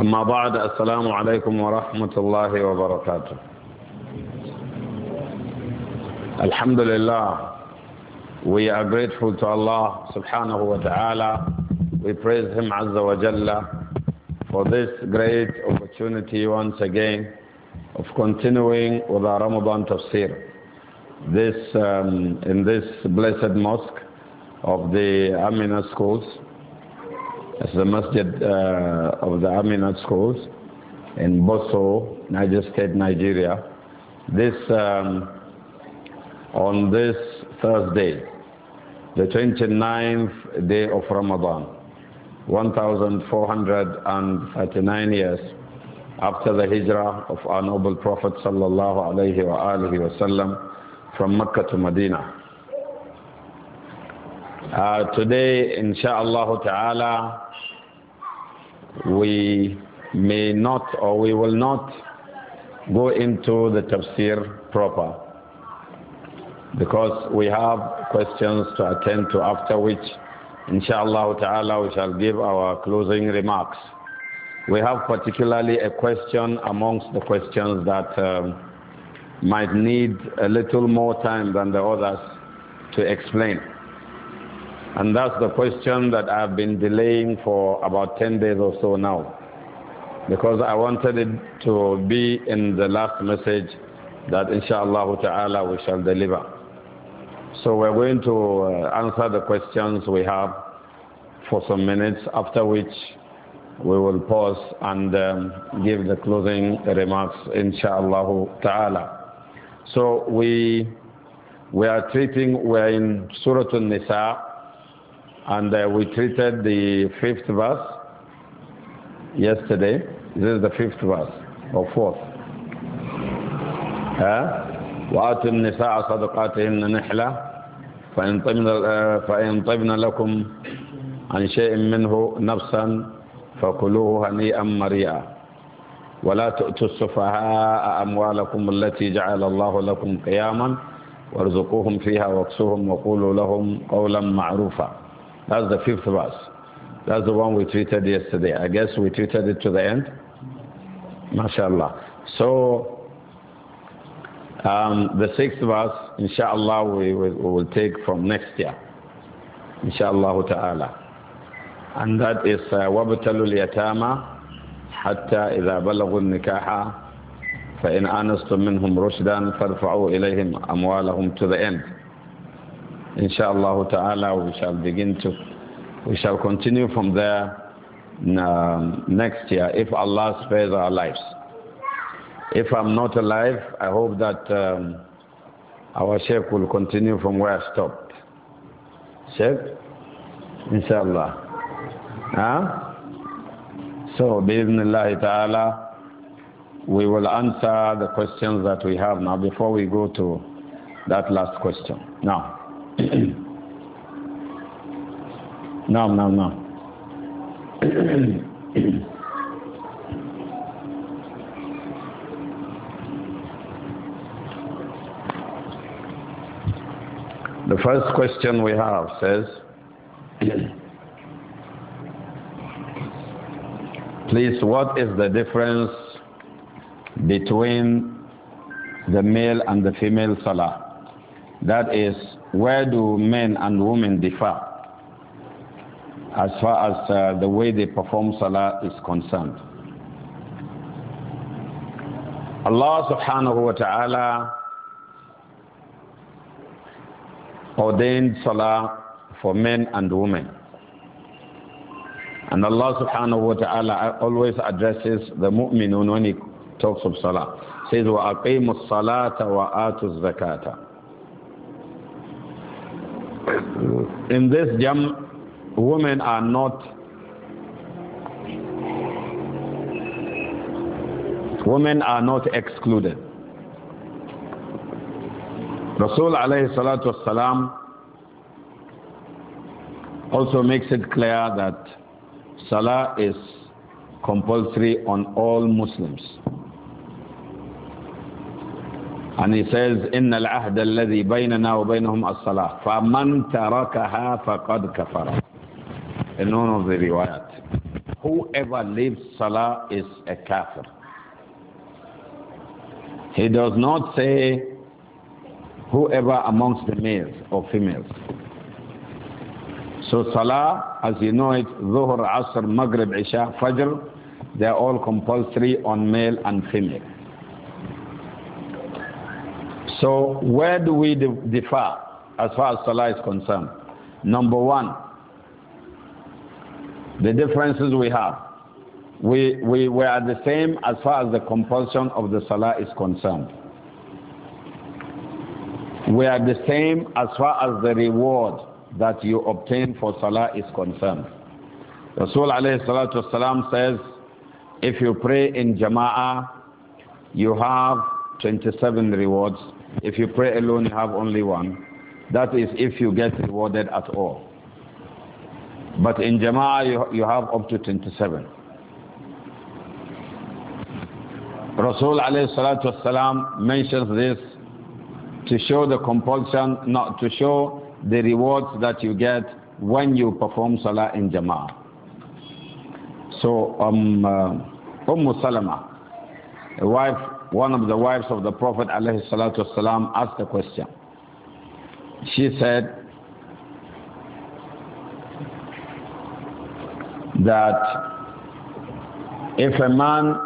أما بعد السلام عليكم ورحمة الله وبركاته الحمد لله we are grateful to Allah subhanahu wa ta'ala we praise him azza wa jalla for this great opportunity once again of continuing with our Ramadan tafsir this um, in this blessed mosque of the Amina schools as the masjid uh, of the Aminat schools in Boso, Niger State, Nigeria. This um, on this Thursday, the 29th day of Ramadan, 1439 years after the hijrah of our noble Prophet sallallahu alaihi wasallam from Mecca to Medina. Uh, today, insha'Allah ta'ala, we may not or we will not go into the tafsir proper because we have questions to attend to after which inshallah ta'ala we shall give our closing remarks we have particularly a question amongst the questions that um, might need a little more time than the others to explain and that's the question that I've been delaying for about 10 days or so now. Because I wanted it to be in the last message that inshallah ta'ala we shall deliver. So we're going to uh, answer the questions we have for some minutes, after which we will pause and um, give the closing remarks inshallah ta'ala. So we, we are treating, we're in Surah An-Nisa, And uh, we treated the fifth verse yesterday. This is the fifth verse, or fourth. Huh? وآتوا النساء صدقاتهن نحلة فإن طبن, آه، فإن طبن لكم عن شيء منه نفسا فكلوه هنيئا مريئا ولا تؤتوا السفهاء أموالكم التي جعل الله لكم قياما وارزقوهم فيها واكسوهم وقولوا لهم قولا معروفا That's the fifth verse. That's the one we treated yesterday. I guess we treated it to the end. MashaAllah. So, um, the sixth verse, inshallah, we will, we will take from next year. Inshallah ta'ala. And that is, uh, وَابْتَلُوا الْيَتَامَى حَتَّى إِذَا بَلَغُوا النِّكَاحَ فَإِنْ آنَسْتُم مِّنْهُمْ رُشْدًا فَارْفَعُوا إِلَيْهِمْ أَمْوَالَهُمْ to the end. Inshallah ta'ala, we shall begin to, we shall continue from there um, next year if Allah spares our lives. If I'm not alive, I hope that um, our Sheikh will continue from where I stopped. Sheikh? Inshallah. Huh? So, bismillah ta'ala we will answer the questions that we have now before we go to that last question. Now. نعم نعم نعم The first question we have says, Please, what is the difference between the male and the female salah? That is, where do men and women differ as far as uh, the way they perform salah is concerned? Allah subhanahu wa ta'ala ordained salah for men and women. And Allah subhanahu wa ta'ala always addresses the mu'minun when he talks of salah. He says, salata wa وَآتُوا zakata in this jam, women are not women are not excluded. Rasul alayhi salatu also makes it clear that salah is compulsory on all Muslims. And he says, al-Ladhi العهد الذي بيننا وبينهم الصلاة فمن تركها فقد كفر. In one of the riwayat. Whoever leaves salah is a kafir. He does not say whoever amongst the males or females. So Salah, as you know it, Dhuhr, Asr, Maghrib, Isha, Fajr, they are all compulsory on male and female. So where do we differ as far as Salah is concerned? Number one, the differences we have. We, we are the same as far as the compulsion of the Salah is concerned. We are the same as far as the reward that you obtain for Salah is concerned. Rasul alayhi salatu salam says, if you pray in Jama'ah, you have 27 rewards. If you pray alone, you have only one. That is if you get rewarded at all. But in Jama'ah, you, you have up to 27. Rasul alayhi salatu wasalam mentions this to show the compulsion, not to show the rewards that you get when you perform salah in jama'ah. So, um, uh, Umm Salama, a wife one of the wives of the Prophet والسلام, asked a question. She said that if a man,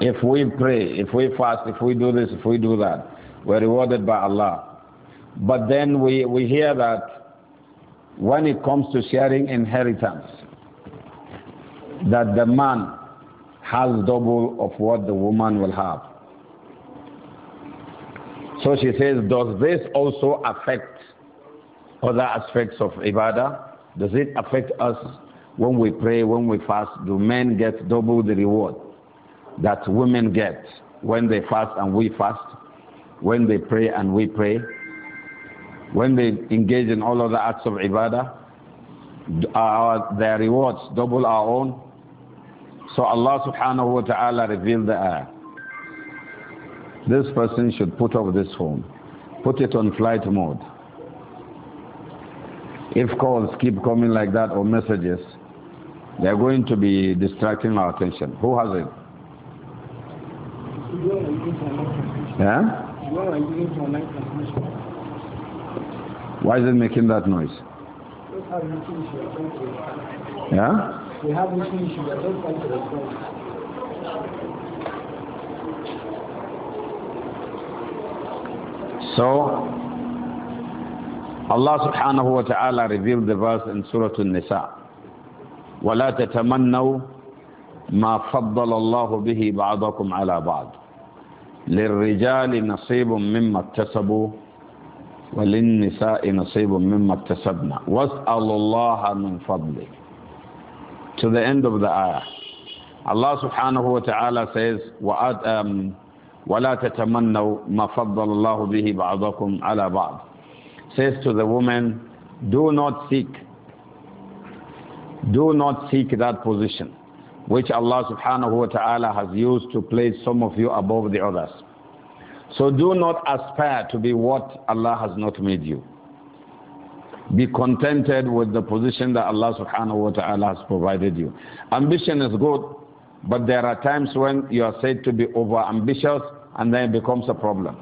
if we pray, if we fast, if we do this, if we do that, we're rewarded by Allah. But then we, we hear that when it comes to sharing inheritance, that the man has double of what the woman will have. So she says, does this also affect other aspects of ibadah? Does it affect us when we pray, when we fast? Do men get double the reward that women get when they fast and we fast, when they pray and we pray, when they engage in all other acts of ibadah? Are their rewards double our own? So Allah subhanahu wa ta'ala revealed the ayah. This person should put off this phone. Put it on flight mode. If calls keep coming like that or messages, they're going to be distracting our attention. Who has it? Yeah? Why is it making that noise? Yeah? we have issues that don't come to the front. So, Allah subhanahu wa ta'ala revealed the verse in Surah An-Nisa. وَلَا تَتَمَنَّوْا مَا فَضَّلَ اللَّهُ بِهِ بَعْضَكُمْ عَلَى بَعْضٍ لِلرِّجَالِ نَصِيبٌ مِمَّا اكْتَسَبُوا وَلِلنِّسَاءِ نَصِيبٌ مِمَّا اكْتَسَبْنَا وَاسْأَلُوا اللَّهَ مِنْ فَضْلِهِ to the end of the ayah. Allah subhanahu wa ta'ala says, وَلَا تَتَمَنَّوْا مَا فَضَّلَ اللَّهُ بِهِ بَعْضَكُمْ عَلَى بَعْضٍ Says to the woman, do not seek, do not seek that position which Allah subhanahu wa ta'ala has used to place some of you above the others. So do not aspire to be what Allah has not made you. Be contented with the position that Allah subhanahu wa ta'ala has provided you. Ambition is good, but there are times when you are said to be over ambitious and then it becomes a problem.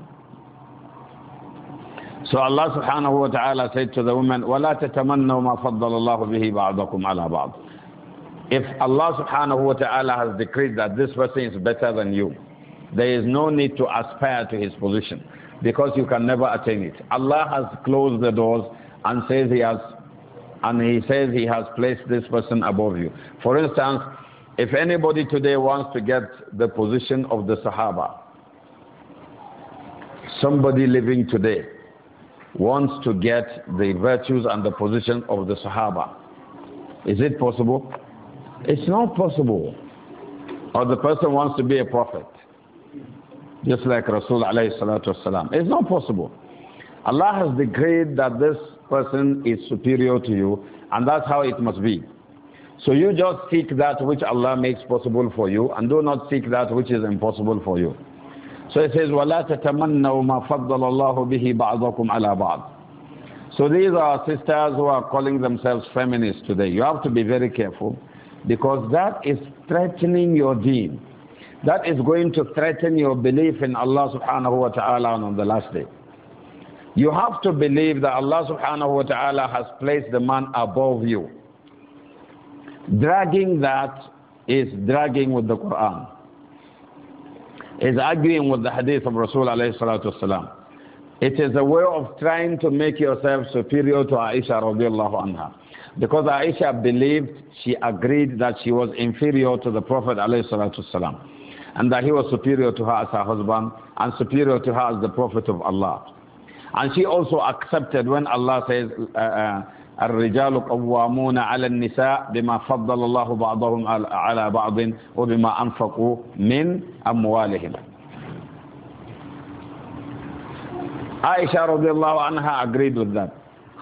So Allah subhanahu wa ta'ala said to the woman, وَلَا تَتَمَنَّوا مَا فَضَّلَ اللَّهُ بِهِ بَعْضَكُمْ عَلَى بَعْضٍ If Allah subhanahu wa ta'ala has decreed that this person is better than you, there is no need to aspire to his position because you can never attain it. Allah has closed the doors and says he has and he says he has placed this person above you. For instance, if anybody today wants to get the position of the Sahaba, somebody living today wants to get the virtues and the position of the Sahaba. Is it possible? It's not possible. Or the person wants to be a prophet, just like Rasul It's not possible. Allah has decreed that this person is superior to you, and that's how it must be. So you just seek that which Allah makes possible for you, and do not seek that which is impossible for you. So it says, وَلَا تَتَمَنَّوْا مَا فَضَّلَ اللَّهُ بِهِ بَعْضَكُمْ عَلَى بَعْضٍ So these are sisters who are calling themselves feminists today. You have to be very careful, because that is threatening your deen. That is going to threaten your belief in Allah subhanahu wa ta'ala on the last day. You have to believe that Allah subhanahu wa ta'ala has placed the man above you. Dragging that is dragging with the Quran. Is arguing with the hadith of Rasul alayhi salatu wasalam. It is a way of trying to make yourself superior to Aisha radiallahu anha. Because Aisha believed, she agreed that she was inferior to the Prophet alayhi salatu wasalam. And that he was superior to her as her husband and superior to her as the Prophet of Allah. And she also accepted when Allah says, الرجال قوامون على النساء بما فضل الله بعضهم على بعض وبما أنفقوا من أموالهم. Aisha الله عنها agreed with that.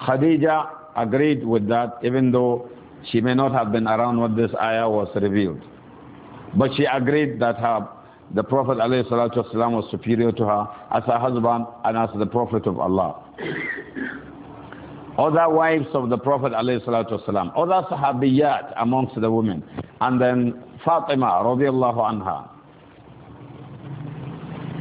Khadija agreed with that, even though she may not have been around when this ayah was revealed. But she agreed that her the Prophet ﷺ was superior to her as her husband and as the Prophet of Allah. Other wives of the Prophet ﷺ, other sahabiyat amongst the women, and then Fatima radiallahu anha.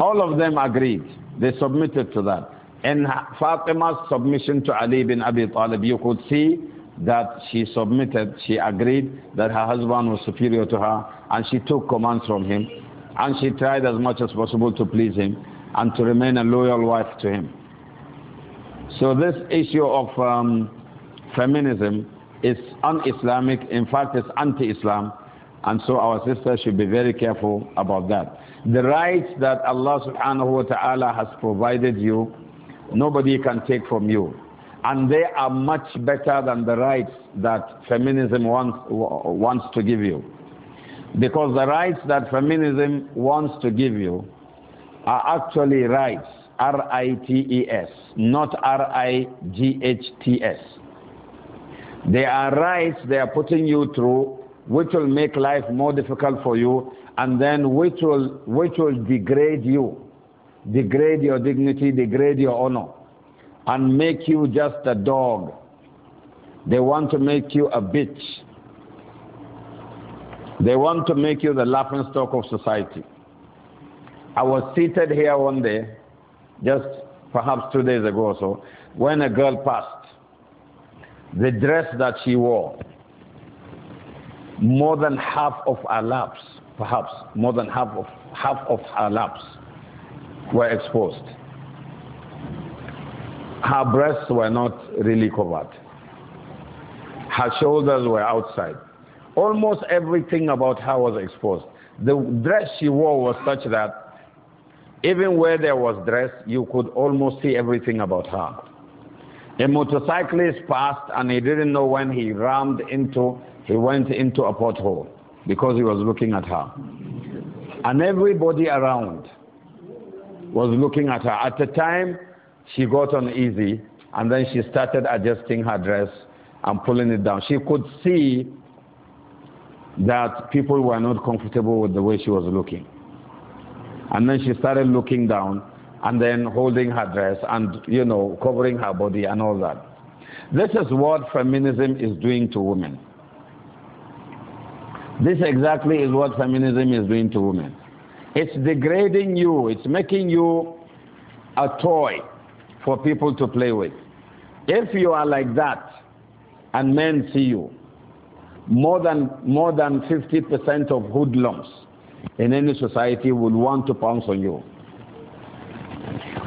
All of them agreed. They submitted to that. In Fatima's submission to Ali bin Abi Talib, you could see that she submitted, she agreed that her husband was superior to her, and she took commands from him and she tried as much as possible to please him and to remain a loyal wife to him. So this issue of um, feminism is un-Islamic, in fact it's anti-Islam, and so our sisters should be very careful about that. The rights that Allah subhanahu wa ta'ala has provided you, nobody can take from you. And they are much better than the rights that feminism wants, wants to give you. Because the rights that feminism wants to give you are actually rights, R I T E S, not R I G H T S. They are rights they are putting you through which will make life more difficult for you and then which will, which will degrade you, degrade your dignity, degrade your honor, and make you just a dog. They want to make you a bitch. They want to make you the laughing stock of society. I was seated here one day, just perhaps two days ago or so, when a girl passed. The dress that she wore, more than half of her laps, perhaps more than half of half of her laps were exposed. Her breasts were not really covered. Her shoulders were outside. Almost everything about her was exposed. The dress she wore was such that even where there was dress, you could almost see everything about her. A motorcyclist passed and he didn't know when he rammed into, he went into a pothole because he was looking at her. And everybody around was looking at her. At the time, she got uneasy and then she started adjusting her dress and pulling it down. She could see that people were not comfortable with the way she was looking. And then she started looking down and then holding her dress and, you know, covering her body and all that. This is what feminism is doing to women. This exactly is what feminism is doing to women. It's degrading you, it's making you a toy for people to play with. If you are like that and men see you, more than more than 50% of hoodlums in any society would want to pounce on you.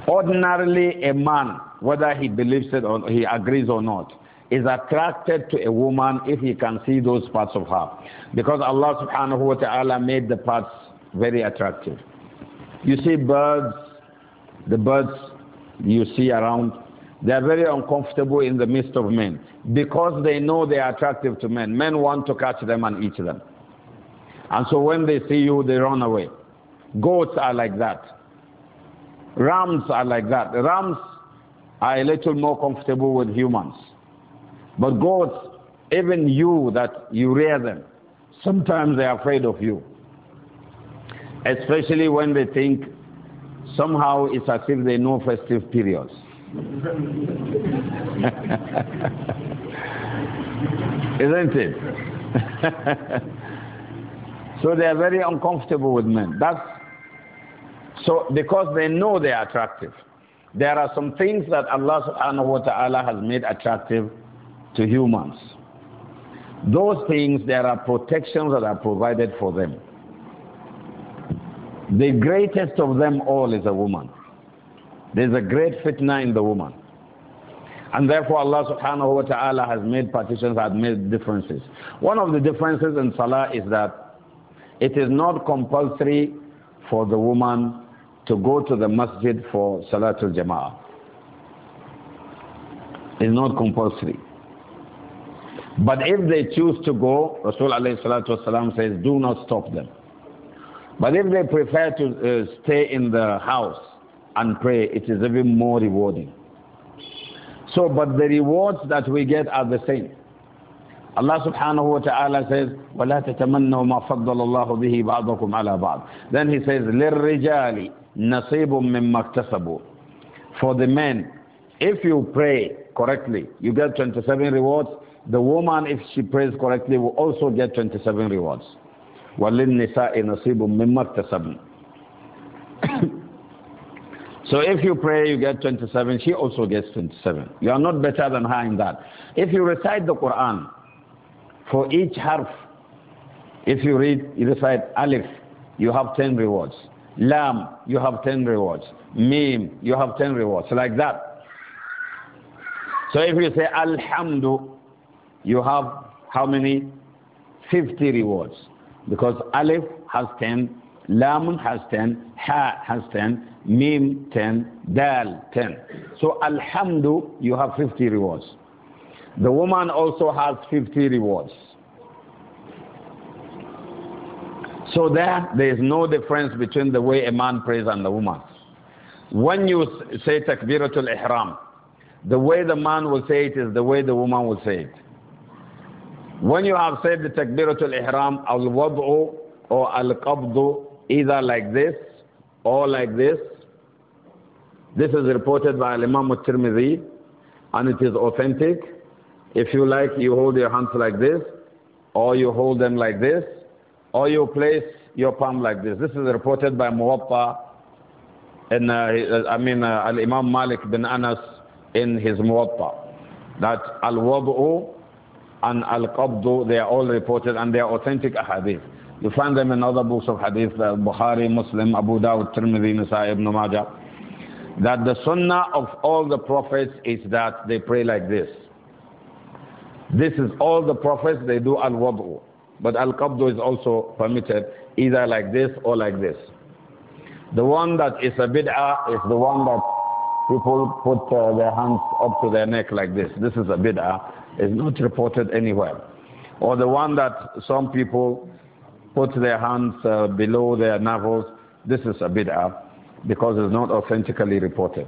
Ordinarily, a man, whether he believes it or he agrees or not, is attracted to a woman if he can see those parts of her. Because Allah subhanahu wa ta'ala made the parts very attractive. You see birds, the birds you see around, they are very uncomfortable in the midst of men because they know they are attractive to men. Men want to catch them and eat them. And so when they see you, they run away. Goats are like that. Rams are like that. Rams are a little more comfortable with humans. But goats, even you that you rear them, sometimes they are afraid of you. Especially when they think somehow it's as if they know festive periods. Isn't it? so they are very uncomfortable with men. That's so because they know they are attractive. There are some things that Allah subhanahu wa ta'ala has made attractive to humans. Those things, there are protections that are provided for them. The greatest of them all is a woman. There's a great fitna in the woman. And therefore Allah subhanahu wa ta'ala has made partitions, has made differences. One of the differences in salah is that it is not compulsory for the woman to go to the masjid for salatul jama'ah. It's not compulsory. But if they choose to go, Rasul alayhi salatu wasalam says, do not stop them. But if they prefer to uh, stay in the house, and pray, it is even more rewarding. So, but the rewards that we get are the same. Allah subhanahu wa ta'ala says, وَلَا تَتَمَنَّوا مَا فَضَّلَ اللَّهُ بِهِ بَعْضَكُمْ عَلَى بَعْضٍ Then he says, لِلرِّجَالِ نَصِيبٌ مِّمَّا اكْتَسَبُوا For the men, if you pray correctly, you get 27 rewards. The woman, if she prays correctly, will also get 27 rewards. وَلِلنِّسَاءِ نَصِيبٌ مِّمَّا اكْتَسَبْنَ so if you pray, you get 27. She also gets 27. You are not better than her in that. If you recite the Quran, for each harf, if you read, you recite Alif, you have 10 rewards. Lam, you have 10 rewards. Mim, you have 10 rewards. Like that. So if you say Alhamdu, you have how many? 50 rewards. Because Alif has 10, Lam has 10, Ha has 10, Mim 10, Dal 10. So Alhamdu, you have 50 rewards. The woman also has 50 rewards. So there, there is no difference between the way a man prays and the woman. When you say Takbiratul Ihram, the way the man will say it is the way the woman will say it. When you have said the Takbiratul Ihram, Al Wad'u or Al Qabdu either like this or like this. This is reported by Imam al-Tirmidhi and it is authentic. If you like, you hold your hands like this or you hold them like this or you place your palm like this. This is reported by Muwatta and uh, I mean uh, Al-Imam Malik bin Anas in his Muwatta that Al-Wab'u and Al-Qabdu they are all reported and they are authentic ahadith. You find them in other books of hadith, the Bukhari, Muslim, Abu Dawud, Tirmidhi, Nisa, Ibn Majah, that the sunnah of all the prophets is that they pray like this. This is all the prophets, they do al-wad'u. But al-qabdu is also permitted, either like this or like this. The one that is a bid'ah is the one that people put uh, their hands up to their neck like this. This is a bid'ah. It's not reported anywhere. Or the one that some people put their hands uh, below their navels, this is a bid'ah because it's not authentically reported.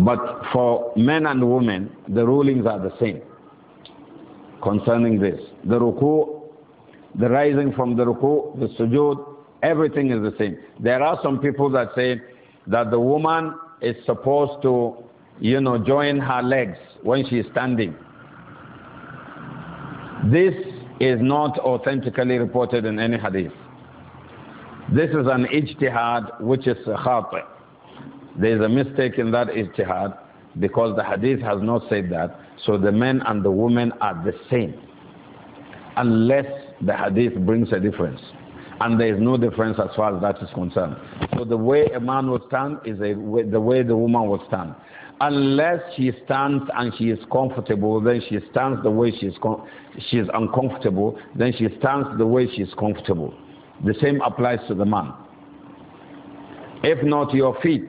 But for men and women, the rulings are the same concerning this. The ruku, the rising from the ruku, the sujood, everything is the same. There are some people that say that the woman is supposed to, you know, join her legs when she is standing. This is not authentically reported in any hadith. This is an ijtihad which is khati. There is a mistake in that ijtihad because the hadith has not said that. So the men and the women are the same. Unless the hadith brings a difference. And there is no difference as far as that is concerned. So the way a man would stand is a, the way the woman would stand unless she stands and she is comfortable, then she stands the way she is, she is uncomfortable, then she stands the way she is comfortable. The same applies to the man. If not your feet,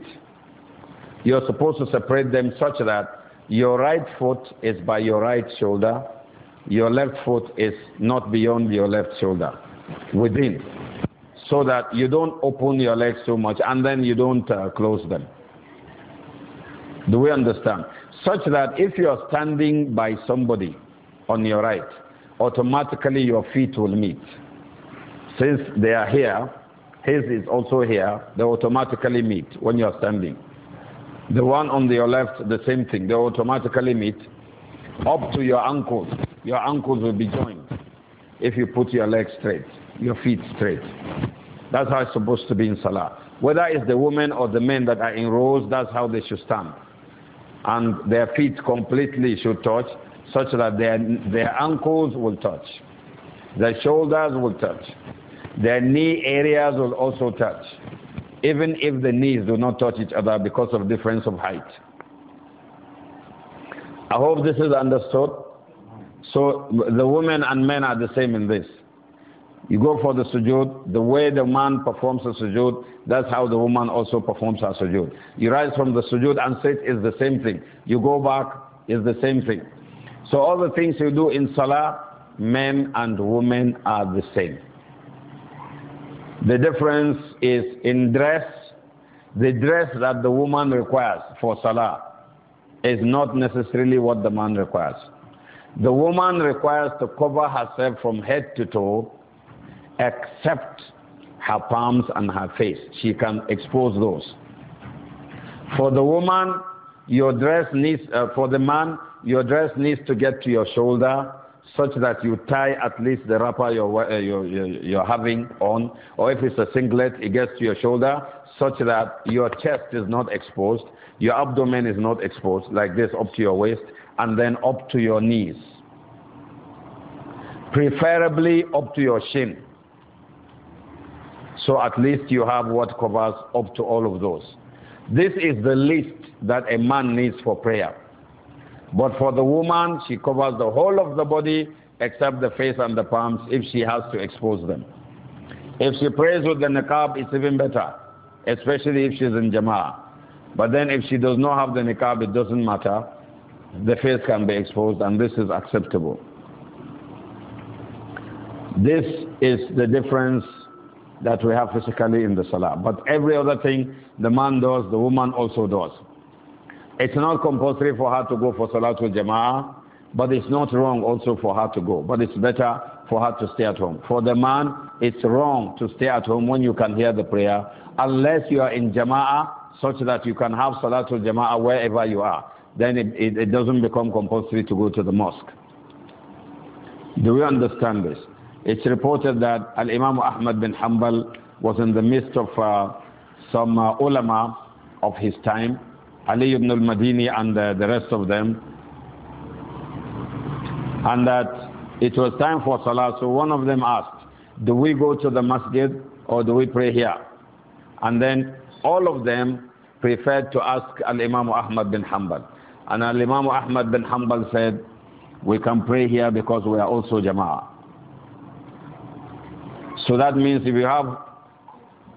you're supposed to separate them such that your right foot is by your right shoulder, your left foot is not beyond your left shoulder, within, so that you don't open your legs too much and then you don't uh, close them. Do we understand? Such that if you are standing by somebody on your right, automatically your feet will meet. Since they are here, his is also here, they automatically meet when you are standing. The one on your left, the same thing, they automatically meet up to your ankles. Your ankles will be joined if you put your legs straight, your feet straight. That's how it's supposed to be in Salah. Whether it's the women or the men that are in rows, that's how they should stand and their feet completely should touch, such that their, their ankles will touch, their shoulders will touch, their knee areas will also touch, even if the knees do not touch each other because of difference of height. I hope this is understood. So the women and men are the same in this. You go for the sujood, the way the man performs the sujood, that's how the woman also performs her sujood. You rise from the sujood and sit is the same thing. You go back is the same thing. So all the things you do in salah, men and women are the same. The difference is in dress. The dress that the woman requires for salah is not necessarily what the man requires. The woman requires to cover herself from head to toe except her palms and her face. She can expose those. For the woman, your dress needs, uh, for the man, your dress needs to get to your shoulder such that you tie at least the wrapper you're, uh, you're, you're, you're having on, or if it's a singlet, it gets to your shoulder such that your chest is not exposed, your abdomen is not exposed, like this up to your waist, and then up to your knees. Preferably up to your shin. So at least you have what covers up to all of those. This is the least that a man needs for prayer. But for the woman, she covers the whole of the body except the face and the palms if she has to expose them. If she prays with the niqab, it's even better, especially if she's in jama'ah. But then if she does not have the niqab, it doesn't matter. The face can be exposed and this is acceptable. This is the difference that we have physically in the salah. But every other thing the man does, the woman also does. It's not compulsory for her to go for Salatul Jama'ah, but it's not wrong also for her to go. But it's better for her to stay at home. For the man, it's wrong to stay at home when you can hear the prayer, unless you are in Jama'ah such that you can have Salatul Jama'ah wherever you are. Then it, it, it doesn't become compulsory to go to the mosque. Do we understand this? It's reported that Al Imam Ahmad bin Hanbal was in the midst of uh, some uh, ulama of his time, Ali ibn al Madini and uh, the rest of them, and that it was time for Salah. So one of them asked, Do we go to the masjid or do we pray here? And then all of them preferred to ask Al Imam Ahmad bin Hanbal. And Al Imam Ahmad bin Hanbal said, We can pray here because we are also Jama'ah. So that means if you have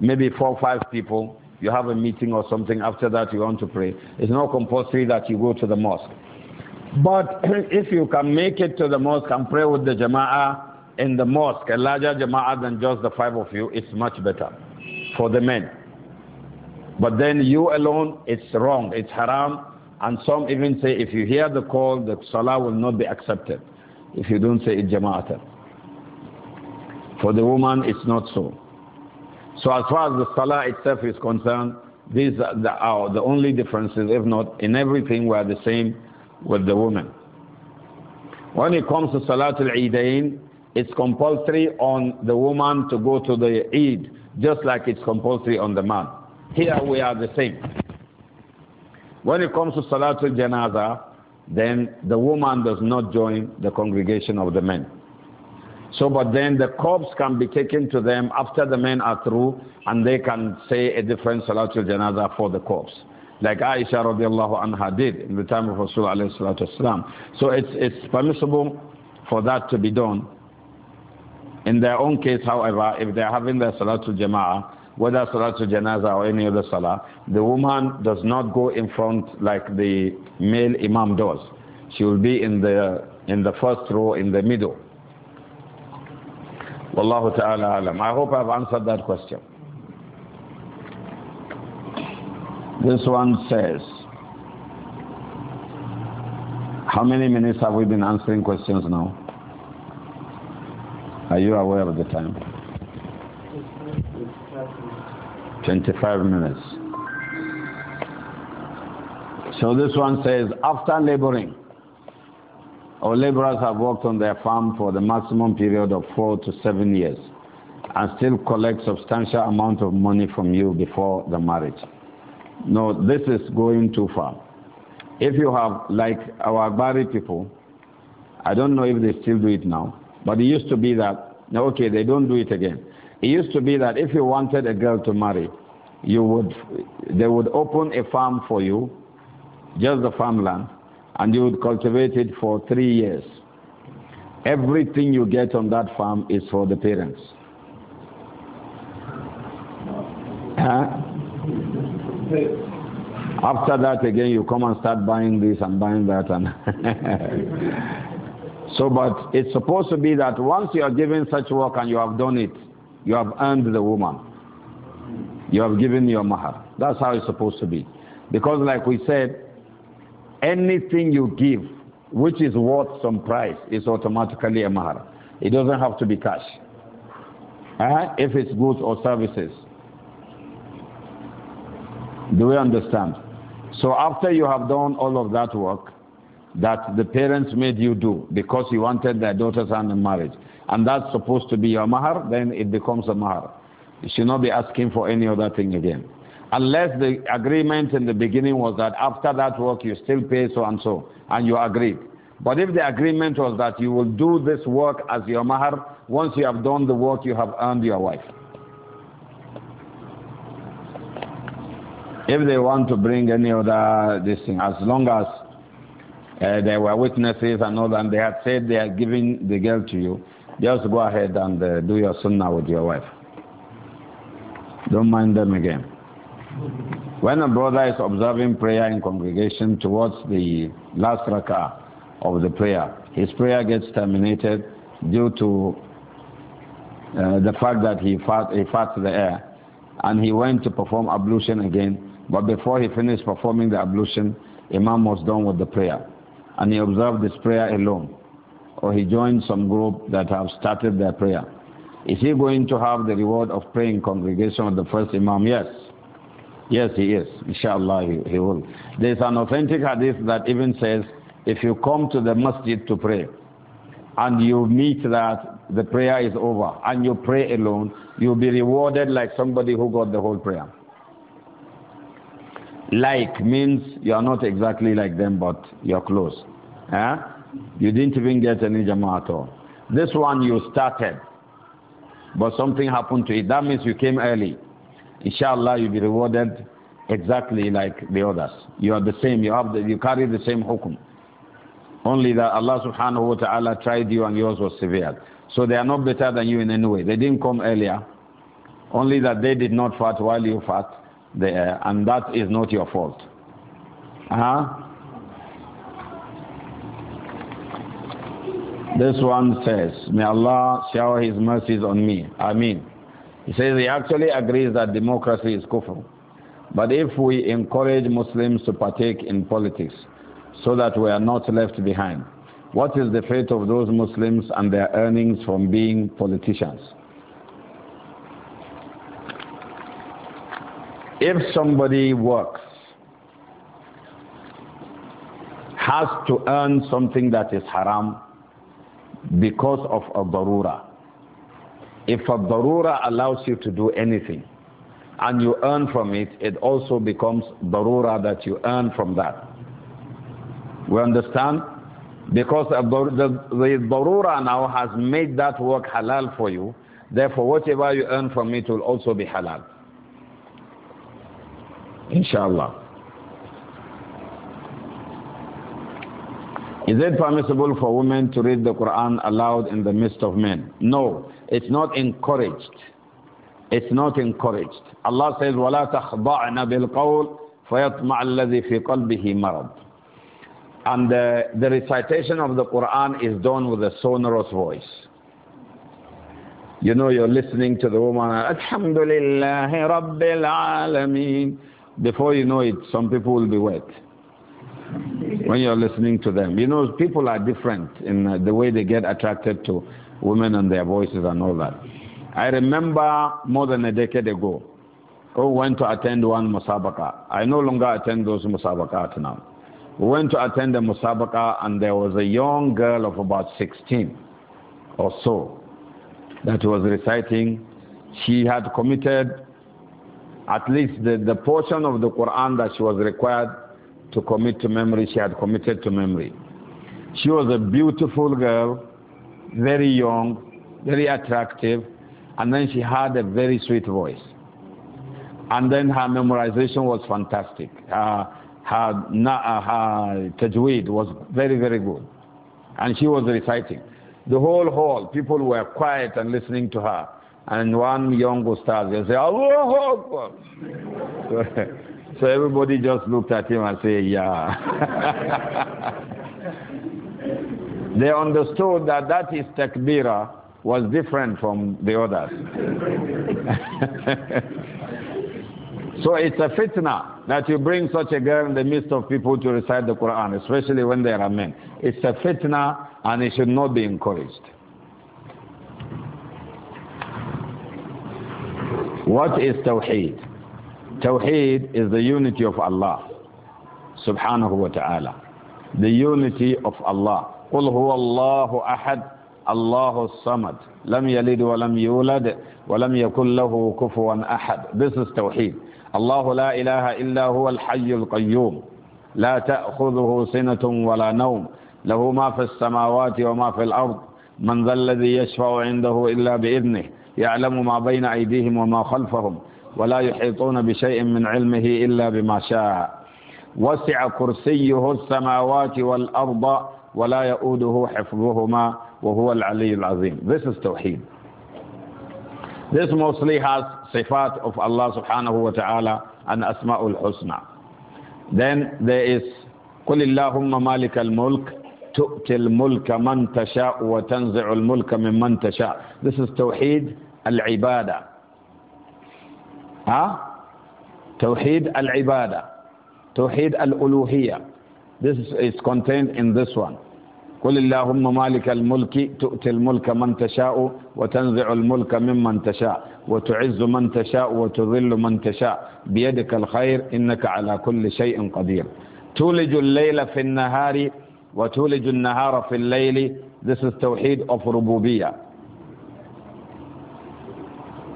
maybe four or five people, you have a meeting or something, after that you want to pray. It's not compulsory that you go to the mosque. But if you can make it to the mosque and pray with the jama'ah in the mosque, a larger jama'ah than just the five of you, it's much better for the men. But then you alone, it's wrong, it's haram. And some even say if you hear the call, the salah will not be accepted if you don't say it jama'atan. For the woman, it's not so. So as far as the salah itself is concerned, these are the, are the only differences, if not in everything, we are the same with the woman. When it comes to Salatul Eidain, it's compulsory on the woman to go to the Eid, just like it's compulsory on the man. Here we are the same. When it comes to Salatul Janaza, then the woman does not join the congregation of the men. So, but then the corpse can be taken to them after the men are through and they can say a different Salatul Janaza for the corpse. Like Aisha radiallahu anha did in the time of Rasulullah alayhi So it's, it's permissible for that to be done. In their own case, however, if they're having their Salatul Jama'ah, whether Salatul Janaza or any other Salah, the woman does not go in front like the male Imam does. She will be in the, in the first row in the middle Wallahu ta'ala alam. I hope I've answered that question. This one says, how many minutes have we been answering questions now? Are you aware of the time? 25 minutes. So this one says, after laboring, our laborers have worked on their farm for the maximum period of four to seven years and still collect substantial amount of money from you before the marriage. No, this is going too far. If you have, like our Bari people, I don't know if they still do it now, but it used to be that, okay, they don't do it again. It used to be that if you wanted a girl to marry, you would, they would open a farm for you, just the farmland, and you would cultivate it for three years. Everything you get on that farm is for the parents. Huh? After that, again, you come and start buying this and buying that. And so, but it's supposed to be that once you are given such work and you have done it, you have earned the woman. You have given your mahar. That's how it's supposed to be. Because, like we said, anything you give, which is worth some price, is automatically a mahar. It doesn't have to be cash. Uh, if it's goods or services. Do we understand? So after you have done all of that work that the parents made you do because you wanted their daughter's hand in marriage, and that's supposed to be your mahar, then it becomes a mahar. You should not be asking for any other thing again. Unless the agreement in the beginning was that after that work you still pay so and so, and you agreed. But if the agreement was that you will do this work as your mahar, once you have done the work, you have earned your wife. If they want to bring any other this thing, as long as uh, there were witnesses and all that, and they had said they are giving the girl to you, just go ahead and uh, do your sunnah with your wife. Don't mind them again. When a brother is observing prayer in congregation towards the last rak'ah of the prayer, his prayer gets terminated due to uh, the fact that he fought, he fought the air and he went to perform ablution again. But before he finished performing the ablution, Imam was done with the prayer and he observed this prayer alone or he joined some group that have started their prayer. Is he going to have the reward of praying congregation with the first Imam? Yes. Yes, he is. Inshallah, he, will. There is an authentic hadith that even says, if you come to the masjid to pray, and you meet that the prayer is over, and you pray alone, you'll be rewarded like somebody who got the whole prayer. Like means you are not exactly like them, but you're close. Eh? You didn't even get any jama'ah at all. This one you started, but something happened to it. That means you came early inshallah you'll be rewarded exactly like the others. You are the same, you, have the, you carry the same hukum. Only that Allah subhanahu wa ta'ala tried you and yours was severe. So they are not better than you in any way. They didn't come earlier, only that they did not fart while you fast, and that is not your fault. -huh. This one says, May Allah shower His mercies on me. Ameen. He says he actually agrees that democracy is kufr. But if we encourage Muslims to partake in politics so that we are not left behind, what is the fate of those Muslims and their earnings from being politicians? If somebody works, has to earn something that is haram because of a barura, if a barura allows you to do anything and you earn from it, it also becomes barura that you earn from that. We understand? Because the, the now has made that work halal for you, therefore whatever you earn from it will also be halal. Inshallah. Is it permissible for women to read the Quran aloud in the midst of men? No, it's not encouraged. It's not encouraged. Allah says, وَلَا تَخْضَعْنَ بِالْقَوْلِ فَيَطْمَعَ الَّذِي فِي قَلْبِهِ مَرَضٍ And the, uh, the recitation of the Quran is done with a sonorous voice. You know, you're listening to the woman, Alhamdulillah, Rabbil Alameen. Before you know it, some people will be wet when you're listening to them. You know, people are different in uh, the way they get attracted to women and their voices and all that. I remember more than a decade ago, we went to attend one musabaka. I no longer attend those musabakat now. We went to attend a musabaka, and there was a young girl of about 16 or so that was reciting. She had committed at least the, the portion of the Quran that she was required to commit to memory, she had committed to memory. She was a beautiful girl, very young, very attractive, and then she had a very sweet voice. And then her memorization was fantastic. Uh, her, uh, her tajweed was very, very good. And she was reciting. The whole hall, people were quiet and listening to her. And one young ustaz, they say, Allahu Akbar. So everybody just looked at him and said, Yeah. they understood that that is takbira was different from the others. so it's a fitna that you bring such a girl in the midst of people to recite the Quran, especially when they are men. It's a fitna and it should not be encouraged. What is Tawheed? توحيد is the unity of Allah سبحانه وتعالى The unity of Allah. قل هو الله أحد الله الصمد لم يلد ولم يولد ولم يكن له كفوا أحد This is توحيد الله لا إله إلا هو الحي القيوم لا تأخذه سنة ولا نوم له ما في السماوات وما في الأرض من ذا الذي يشفع عنده إلا بإذنه يعلم ما بين أيديهم وما خلفهم ولا يحيطون بشيء من علمه إلا بما شاء وسع كرسيه السماوات والأرض ولا يؤوده حفظهما وهو العلي العظيم This is Tawheed This mostly has صفات of Allah سبحانه وتعالى and أسماء الحسنى Then there is قل اللهم مالك الملك تؤتي الملك من تشاء وتنزع الملك من من تشاء This is توحيد العبادة ها توحيد العبادة توحيد الألوهية This is contained in this one. قل اللهم مالك الملك تؤتي الملك من تشاء وتنزع الملك ممن تشاء وتعز من تشاء وتذل من تشاء بيدك الخير إنك على كل شيء قدير تولج الليل في النهار وتولج النهار في الليل This is توحيد of ربوبية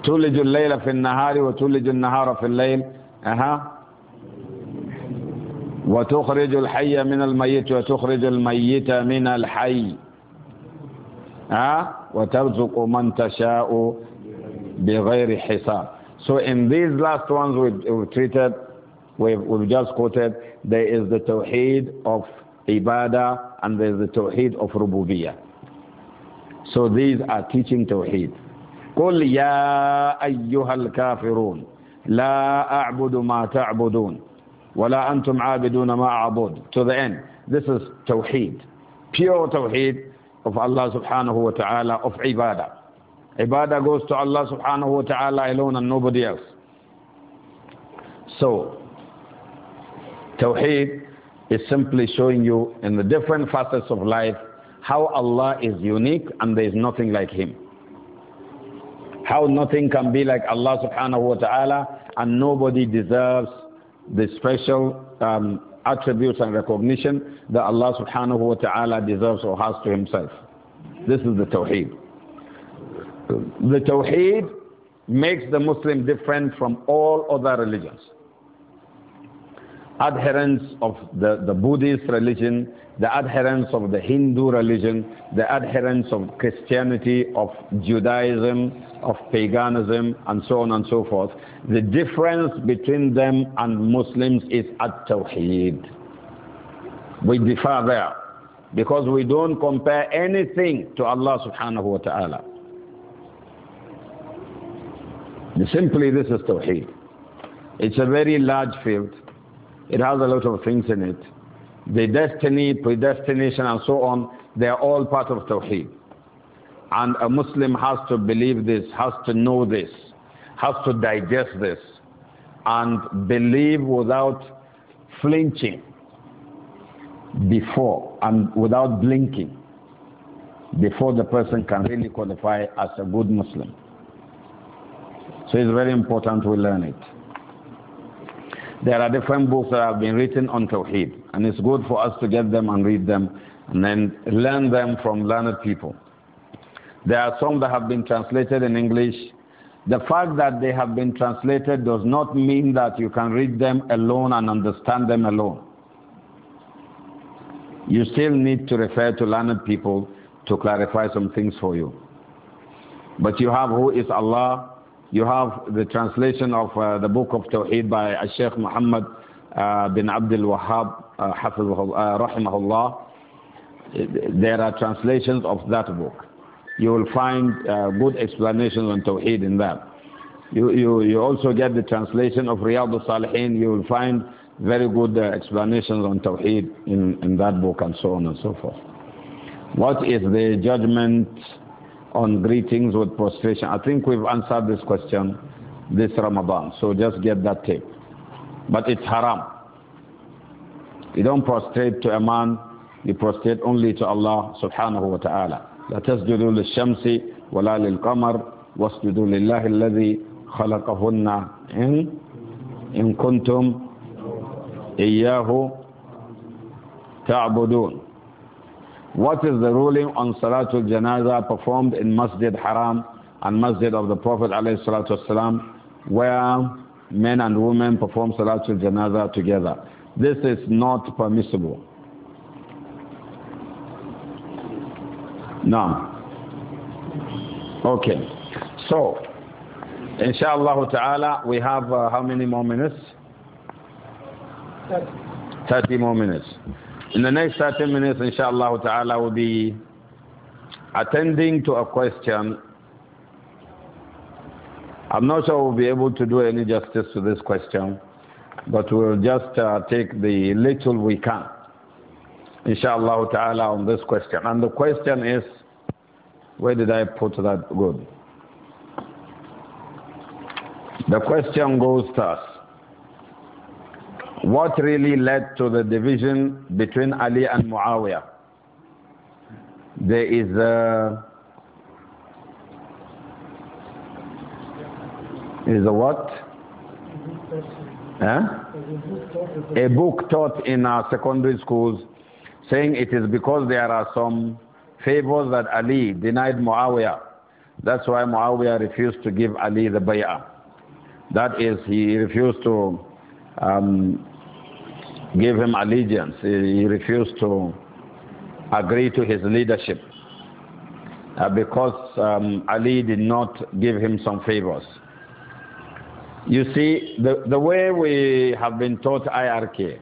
تولج الليل في النهار وتولج النهار في الليل أها وتخرج الحي من الميت وتخرج الميت من الحي أه? وترزق من تشاء بغير حساب So in these last ones we've, we've treated, we've, we've just quoted, there is the Tawheed of Ibadah and there is the Tawheed of Rububiyah. So these are teaching Tawheed. قل يا أيها الكافرون لا أعبد ما تعبدون ولا أنتم عابدون ما أعبد to the end this is توحيد pure توحيد of Allah subhanahu wa ta'ala of ibadah ibadah goes to Allah subhanahu wa ta'ala alone and nobody else so توحيد is simply showing you in the different facets of life how Allah is unique and there is nothing like Him. How nothing can be like Allah subhanahu wa ta'ala and nobody deserves the special um, attributes and recognition that Allah subhanahu wa ta'ala deserves or has to himself. This is the Tawheed. The Tawheed makes the Muslim different from all other religions. Adherents of the, the Buddhist religion the adherents of the Hindu religion, the adherents of Christianity, of Judaism, of paganism, and so on and so forth. The difference between them and Muslims is at Tawheed. We differ there because we don't compare anything to Allah subhanahu wa ta'ala. Simply, this is Tawheed. It's a very large field. It has a lot of things in it the destiny, predestination, and so on, they are all part of Tawheed. And a Muslim has to believe this, has to know this, has to digest this, and believe without flinching before and without blinking before the person can really qualify as a good Muslim. So it's very important we learn it. There are different books that have been written on Tawheed, and it's good for us to get them and read them and then learn them from learned people. There are some that have been translated in English. The fact that they have been translated does not mean that you can read them alone and understand them alone. You still need to refer to learned people to clarify some things for you. But you have who is Allah, you have the translation of uh, the book of Tawheed by Sheikh Muhammad uh, bin Abdul Wahhab, uh, uh, rahimahullah. There are translations of that book. You will find uh, good explanations on Tawheed in that. You, you, you also get the translation of Riyadh al-Salihin. You will find very good uh, explanations on Tawheed in, in that book and so on and so forth. What is the judgment? on greetings with prostration. I think we've answered this question this Ramadan, so just get that tape. But it's haram. You don't prostrate to a man, you prostrate only to Allah subhanahu wa ta'ala. لا تسجدوا للشمس ولا للقمر واسجدوا لله الذي خلقهن إن إن كنتم إياه تعبدون what is the ruling on Salatul Janaza performed in Masjid Haram and Masjid of the Prophet والسلام, where men and women perform Salatul Janaza together? This is not permissible. Now, okay. So, inshallah ta'ala, we have uh, how many more minutes? 30 more minutes. In the next 30 minutes, inshallah ta'ala, will be attending to a question. I'm not sure we'll be able to do any justice to this question, but we'll just uh, take the little we can, inshallah ta'ala, on this question. And the question is, where did I put that good? The question goes thus what really led to the division between Ali and Muawiyah. There is a, uh, is a what? A book taught in our secondary schools saying it is because there are some favors that Ali denied Muawiyah. That's why Muawiyah refused to give Ali the bay'ah. That is, he refused to um, gave him allegiance. He, refused to agree to his leadership uh, because um, Ali did not give him some favors. You see, the, the way we have been taught IRK,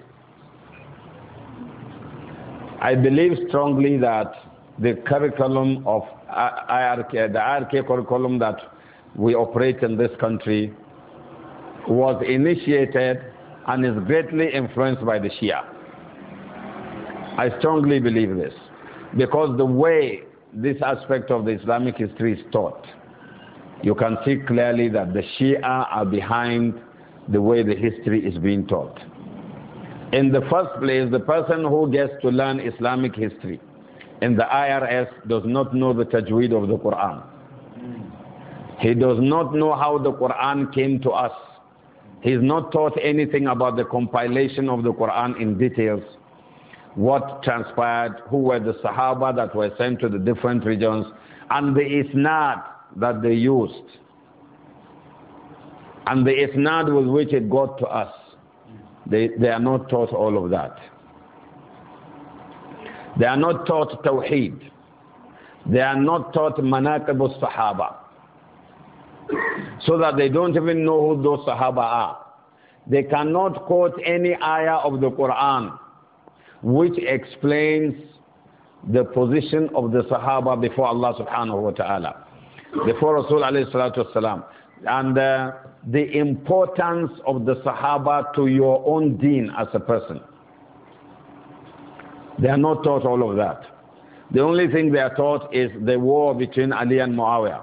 I believe strongly that the curriculum of uh, IRK, the IRK curriculum that we operate in this country was initiated and is greatly influenced by the Shia. I strongly believe this because the way this aspect of the Islamic history is taught, you can see clearly that the Shia are behind the way the history is being taught. In the first place, the person who gets to learn Islamic history in the IRS does not know the tajweed of the Quran. He does not know how the Quran came to us. He's not taught anything about the compilation of the Quran in details, what transpired, who were the Sahaba that were sent to the different regions, and the Isnad that they used, and the Isnad with which it got to us. They, they are not taught all of that. They are not taught Tawheed. They are not taught Manaqib al-Sahaba so that they don't even know who those Sahaba are. They cannot quote any ayah of the Quran which explains the position of the Sahaba before Allah subhanahu wa ta'ala, before Rasul alayhi salatu wasalam, and uh, the importance of the Sahaba to your own deen as a person. They are not taught all of that. The only thing they are taught is the war between Ali and Muawiyah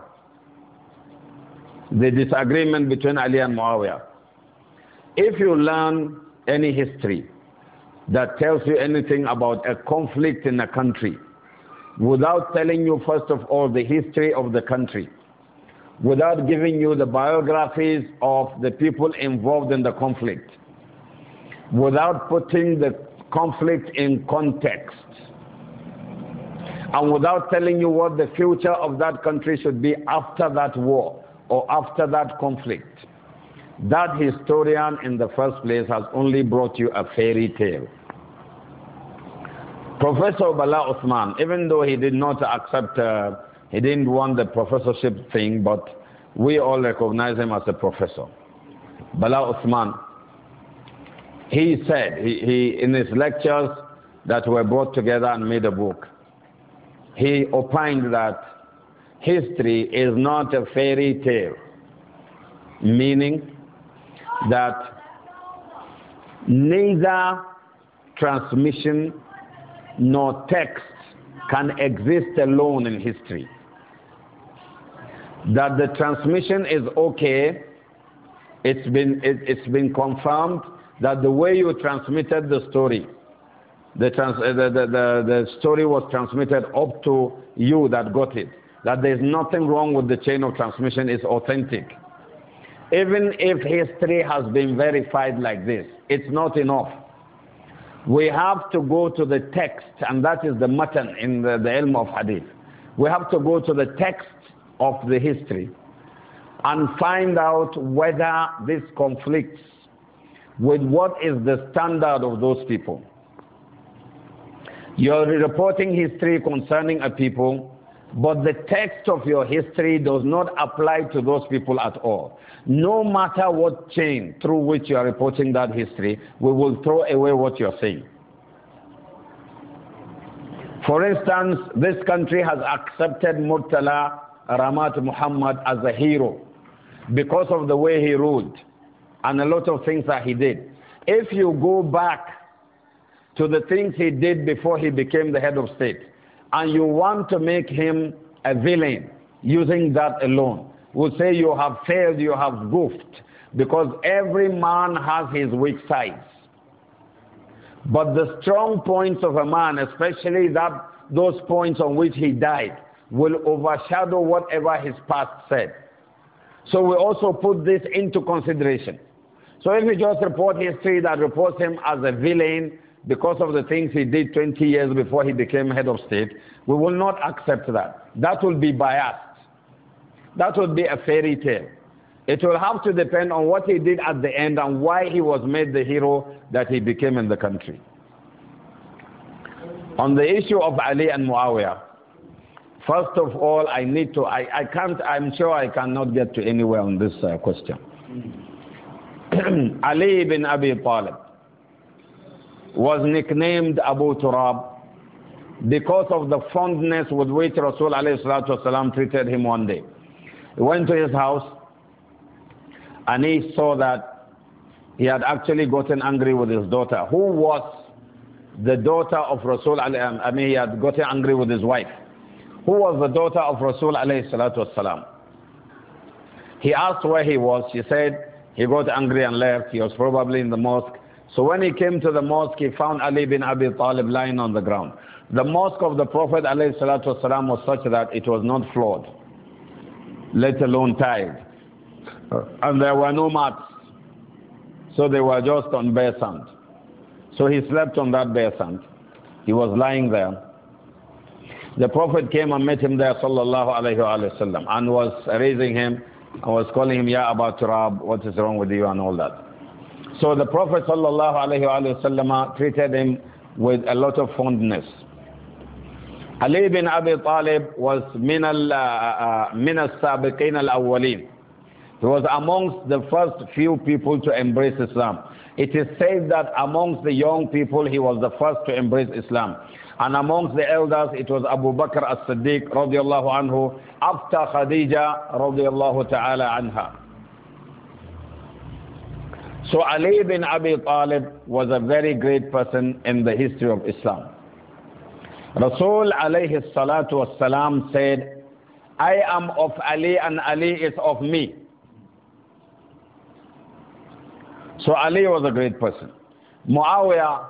the disagreement between Ali and Muawiyah. If you learn any history that tells you anything about a conflict in a country, without telling you, first of all, the history of the country, without giving you the biographies of the people involved in the conflict, without putting the conflict in context, and without telling you what the future of that country should be after that war, or after that conflict, that historian in the first place has only brought you a fairy tale. Professor Bala Osman, even though he did not accept, uh, he didn't want the professorship thing, but we all recognize him as a professor. Bala Osman, he said, he, he, in his lectures that were brought together and made a book, he opined that history is not a fairy tale, meaning that neither transmission nor text can exist alone in history. That the transmission is okay, it's been, it, it's been confirmed that the way you transmitted the story, the, trans, the, the, the, the story was transmitted up to you that got it that there is nothing wrong with the chain of transmission is authentic. Even if history has been verified like this, it's not enough. We have to go to the text, and that is the matan in the, the ilm of hadith. We have to go to the text of the history and find out whether this conflicts with what is the standard of those people. You're reporting history concerning a people but the text of your history does not apply to those people at all. No matter what chain through which you are reporting that history, we will throw away what you're saying. For instance, this country has accepted Murtala Ramat Muhammad as a hero because of the way he ruled and a lot of things that he did. If you go back to the things he did before he became the head of state, and you want to make him a villain using that alone, We'll say you have failed, you have goofed, because every man has his weak sides. But the strong points of a man, especially that, those points on which he died, will overshadow whatever his past said. So we also put this into consideration. So if we just report history that reports him as a villain, because of the things he did 20 years before he became head of state, we will not accept that. That will be biased. That will be a fairy tale. It will have to depend on what he did at the end and why he was made the hero that he became in the country. On the issue of Ali and Muawiyah, first of all, I need to, I, I can't, I'm sure I cannot get to anywhere on this uh, question. Ali ibn Abi Talib was nicknamed Abu Turab because of the fondness with which Rasul والسلام, treated him one day. He went to his house and he saw that he had actually gotten angry with his daughter, who was the daughter of Rasul, um, I mean, he had gotten angry with his wife, who was the daughter of Rasul. He asked where he was. She said, he got angry and left. He was probably in the mosque. So when he came to the mosque, he found Ali bin Abi Talib lying on the ground. The mosque of the Prophet ﷺ was such that it was not floored, let alone tiled. Uh. And there were no mats, so they were just on bare sand. So he slept on that bare sand. He was lying there. The Prophet came and met him there, sallallahu alayhi wa sallam, and was raising him and was calling him, Ya Abu Turab, what is wrong with you, and all that. So the Prophet ﷺ treated him with a lot of fondness. Ali bin Abi Talib was min al-sabiqin uh, uh, al-awwalin. He was amongst the first few people to embrace Islam. It is said that amongst the young people, he was the first to embrace Islam. And amongst the elders, it was Abu Bakr as-Siddiq radiallahu anhu after Khadija radiallahu ta'ala anha. So Ali bin Abi Talib was a very great person in the history of Islam. Rasul alayhi salatu was said, I am of Ali and Ali is of me. So Ali was a great person. Muawiyah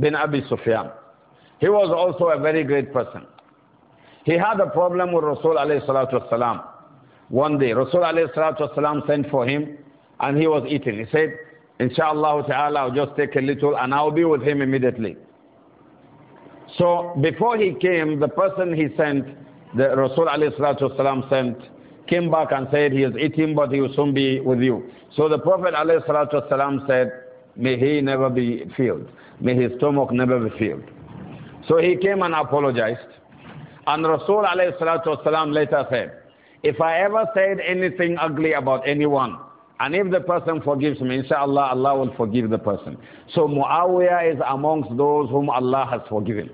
bin Abi Sufyan, he was also a very great person. He had a problem with Rasul alayhi salatu was One day, Rasul alayhi salatu was sent for him and he was eating. He said, Inshallah I'll just take a little and I'll be with him immediately. So before he came, the person he sent, the Rasul والسلام, sent, came back and said, He is eating, but he will soon be with you. So the Prophet والسلام, said, May he never be filled. May his stomach never be filled. So he came and apologized. And Rasul والسلام, later said, If I ever said anything ugly about anyone, and if the person forgives him, insha'Allah, Allah will forgive the person. So Muawiyah is amongst those whom Allah has forgiven.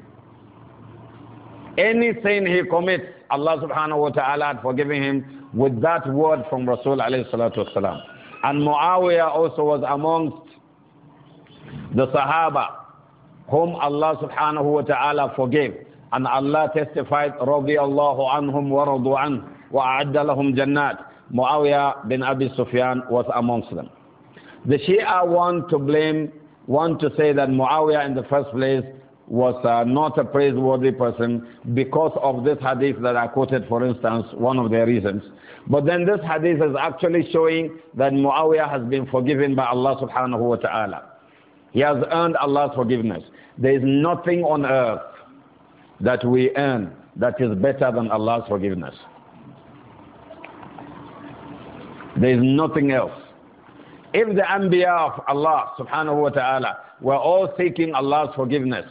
Any sin he commits, Allah subhanahu wa ta'ala had forgiven him with that word from Rasul alayhi salatu wasalam. And Muawiyah also was amongst the Sahaba whom Allah subhanahu wa ta'ala forgave. And Allah testified, رضي الله عنهم ورضوا عنه وأعد لهم جنات Muawiyah bin Abi Sufyan was amongst them. The Shia want to blame, want to say that Muawiyah in the first place was uh, not a praiseworthy person because of this hadith that I quoted, for instance, one of their reasons. But then this hadith is actually showing that Muawiyah has been forgiven by Allah subhanahu wa ta'ala. He has earned Allah's forgiveness. There is nothing on earth that we earn that is better than Allah's forgiveness. There is nothing else. If the Anbiya of Allah subhanahu wa ta'ala were all seeking Allah's forgiveness,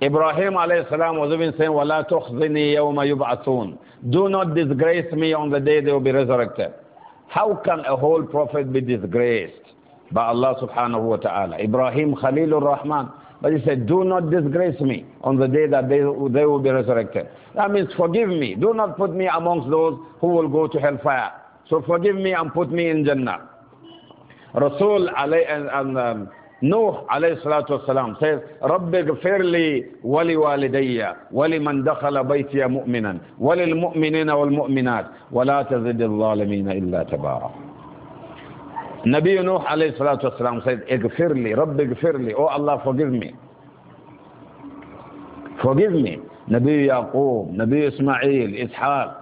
Ibrahim alayhi salam was even saying, وَلَا تُخْزِنِي يَوْمَ يُبْعَثُونَ Do not disgrace me on the day they will be resurrected. How can a whole prophet be disgraced by Allah subhanahu wa ta'ala? Ibrahim Khalilur Rahman. But he said, Do not disgrace me on the day that they, they will be resurrected. That means forgive me. Do not put me amongst those who will go to hellfire. So forgive me and put me in Jannah. Rasul alay, and, and um, Nuh alayhi salatu wasalam says, Rabbi wali رَبِّ اغْفِرْ لِي وَلِوَالِدَيَّ وَلِمَنْ دَخَلَ بَيْتِيَ مُؤْمِنًا وَلِلْمُؤْمِنِينَ وَالْمُؤْمِنَاتِ وَلَا tazidil zalimina illa tabara. Nabi Nuh alayhi salatu wasalam said, Igfirli, Rabbi igfirli, oh Allah forgive me. Forgive me. Nabi Yaqub, Nabi Ismail, Ishaq,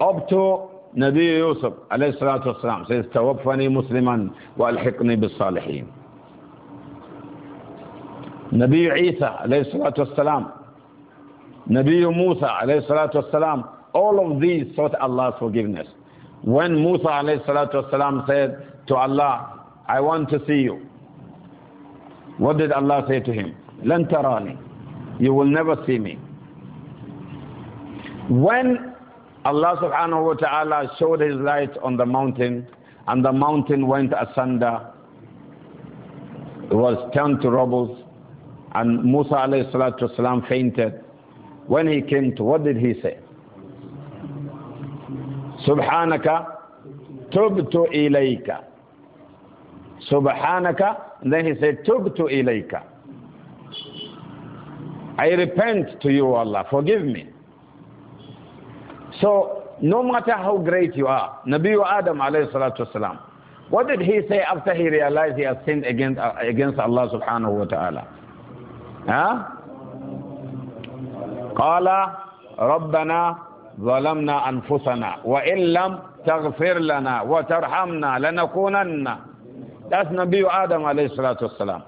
up to Nabi Yusuf alayhi والسلام, says, Tawaffani Musliman wa alhiqni bi salihin. Nabi alayhi Isa والسلام, Nabi Musa والسلام, all of these sought Allah's forgiveness. When Musa والسلام, said to Allah, I want to see you, what did Allah say to him? Lan tarani. You will never see me. When Allah subhanahu wa ta'ala showed his light on the mountain, and the mountain went asunder. It was turned to rubble, and Musa alayhi salatu wasalam fainted. When he came to, what did he say? Subhanaka tubtu ilayka. Subhanaka, and then he said, tubtu ilayka. I repent to you, Allah, forgive me. So, no matter how great you are, Nabi Adam alayhi salatu wasalam, what did he say after he realized he has sinned against, uh, against Allah subhanahu wa ta'ala? Huh? قال ربنا ظلمنا أنفسنا وإن لم تغفر لنا وترحمنا لنكونن That's Nabi Adam alayhi salatu wasalam.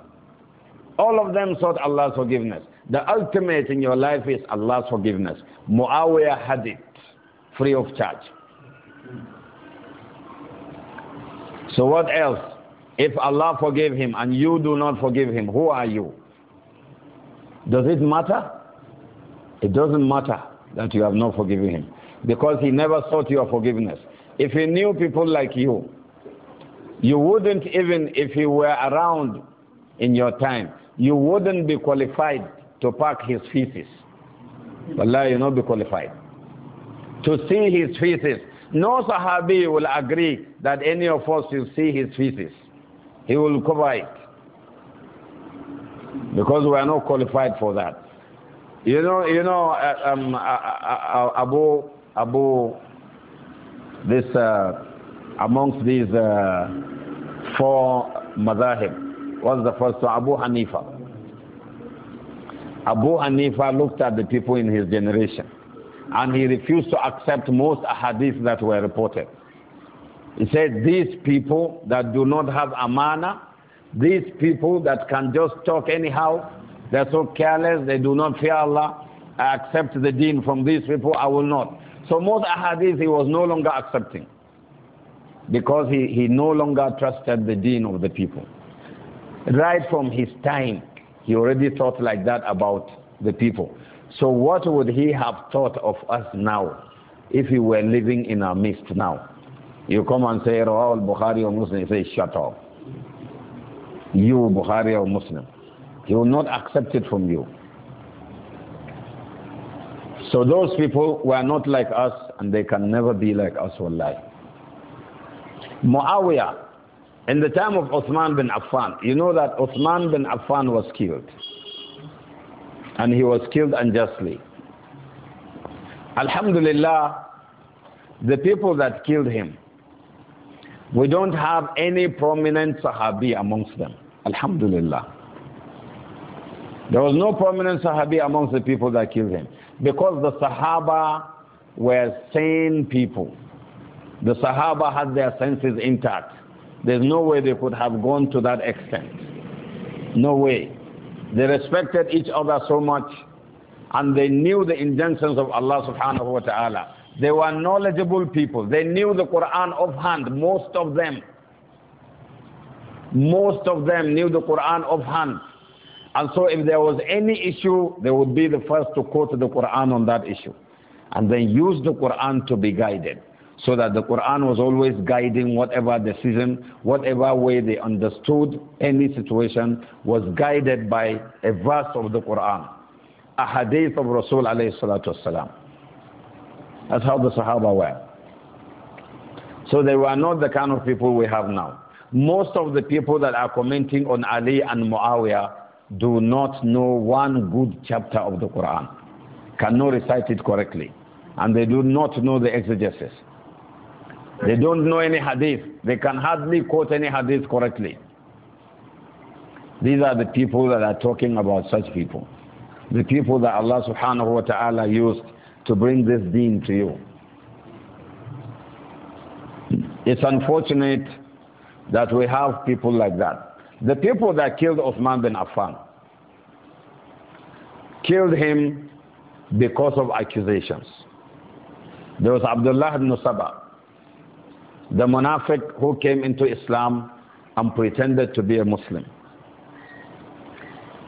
All of them sought Allah's forgiveness. The ultimate in your life is Allah's forgiveness. Muawiyah had it free of charge. So what else? If Allah forgive him and you do not forgive him, who are you? Does it matter? It doesn't matter that you have not forgiven him because he never sought your forgiveness. If he knew people like you, you wouldn't even, if he were around in your time, you wouldn't be qualified to pack his feces. Allah, you not be qualified to see his feces. No Sahabi will agree that any of us will see his feces. He will cover it. Because we are not qualified for that. You know, you know, uh, um, uh, uh, uh Abu, Abu, this, uh, amongst these uh, four madhahib, was the first one? Abu Hanifa. Abu Hanifa looked at the people in his generation and he refused to accept most hadith that were reported. He said, These people that do not have amana, these people that can just talk anyhow, they're so careless, they do not fear Allah. I accept the deen from these people, I will not. So most ahadith he was no longer accepting because he, he no longer trusted the deen of the people. Right from his time, he already thought like that about the people. So what would he have thought of us now if he were living in our midst now? You come and say, Rawah al-Bukhari or Muslim, he says, shut up. You, Bukhari or Muslim. He will not accept it from you. So those people were not like us and they can never be like us, wallahi. Muawiyah, in the time of Uthman bin Affan, you know that Uthman bin Affan was killed and he was killed unjustly. Alhamdulillah, the people that killed him, we don't have any prominent Sahabi amongst them. Alhamdulillah. There was no prominent Sahabi amongst the people that killed him because the Sahaba were sane people. The Sahaba had their senses intact. There's no way they could have gone to that extent. No way. They respected each other so much and they knew the injunctions of Allah subhanahu wa ta'ala. They were knowledgeable people. They knew the Quran offhand, most of them. Most of them knew the Quran offhand. And so if there was any issue, they would be the first to quote the Quran on that issue. And then use the Quran to be guided. So that the Quran was always guiding whatever decision, whatever way they understood any situation was guided by a verse of the Quran, a hadith of Rasul alayhi salatu wasalam. That's how the Sahaba were. So they were not the kind of people we have now. Most of the people that are commenting on Ali and Muawiyah do not know one good chapter of the Quran, cannot recite it correctly, and they do not know the exegesis. They don't know any hadith. They can hardly quote any hadith correctly. These are the people that are talking about such people. The people that Allah subhanahu wa ta'ala used to bring this deen to you. It's unfortunate that we have people like that. The people that killed Osman bin Affan killed him because of accusations. There was Abdullah ibn Sabah the munafiq who came into Islam and pretended to be a Muslim.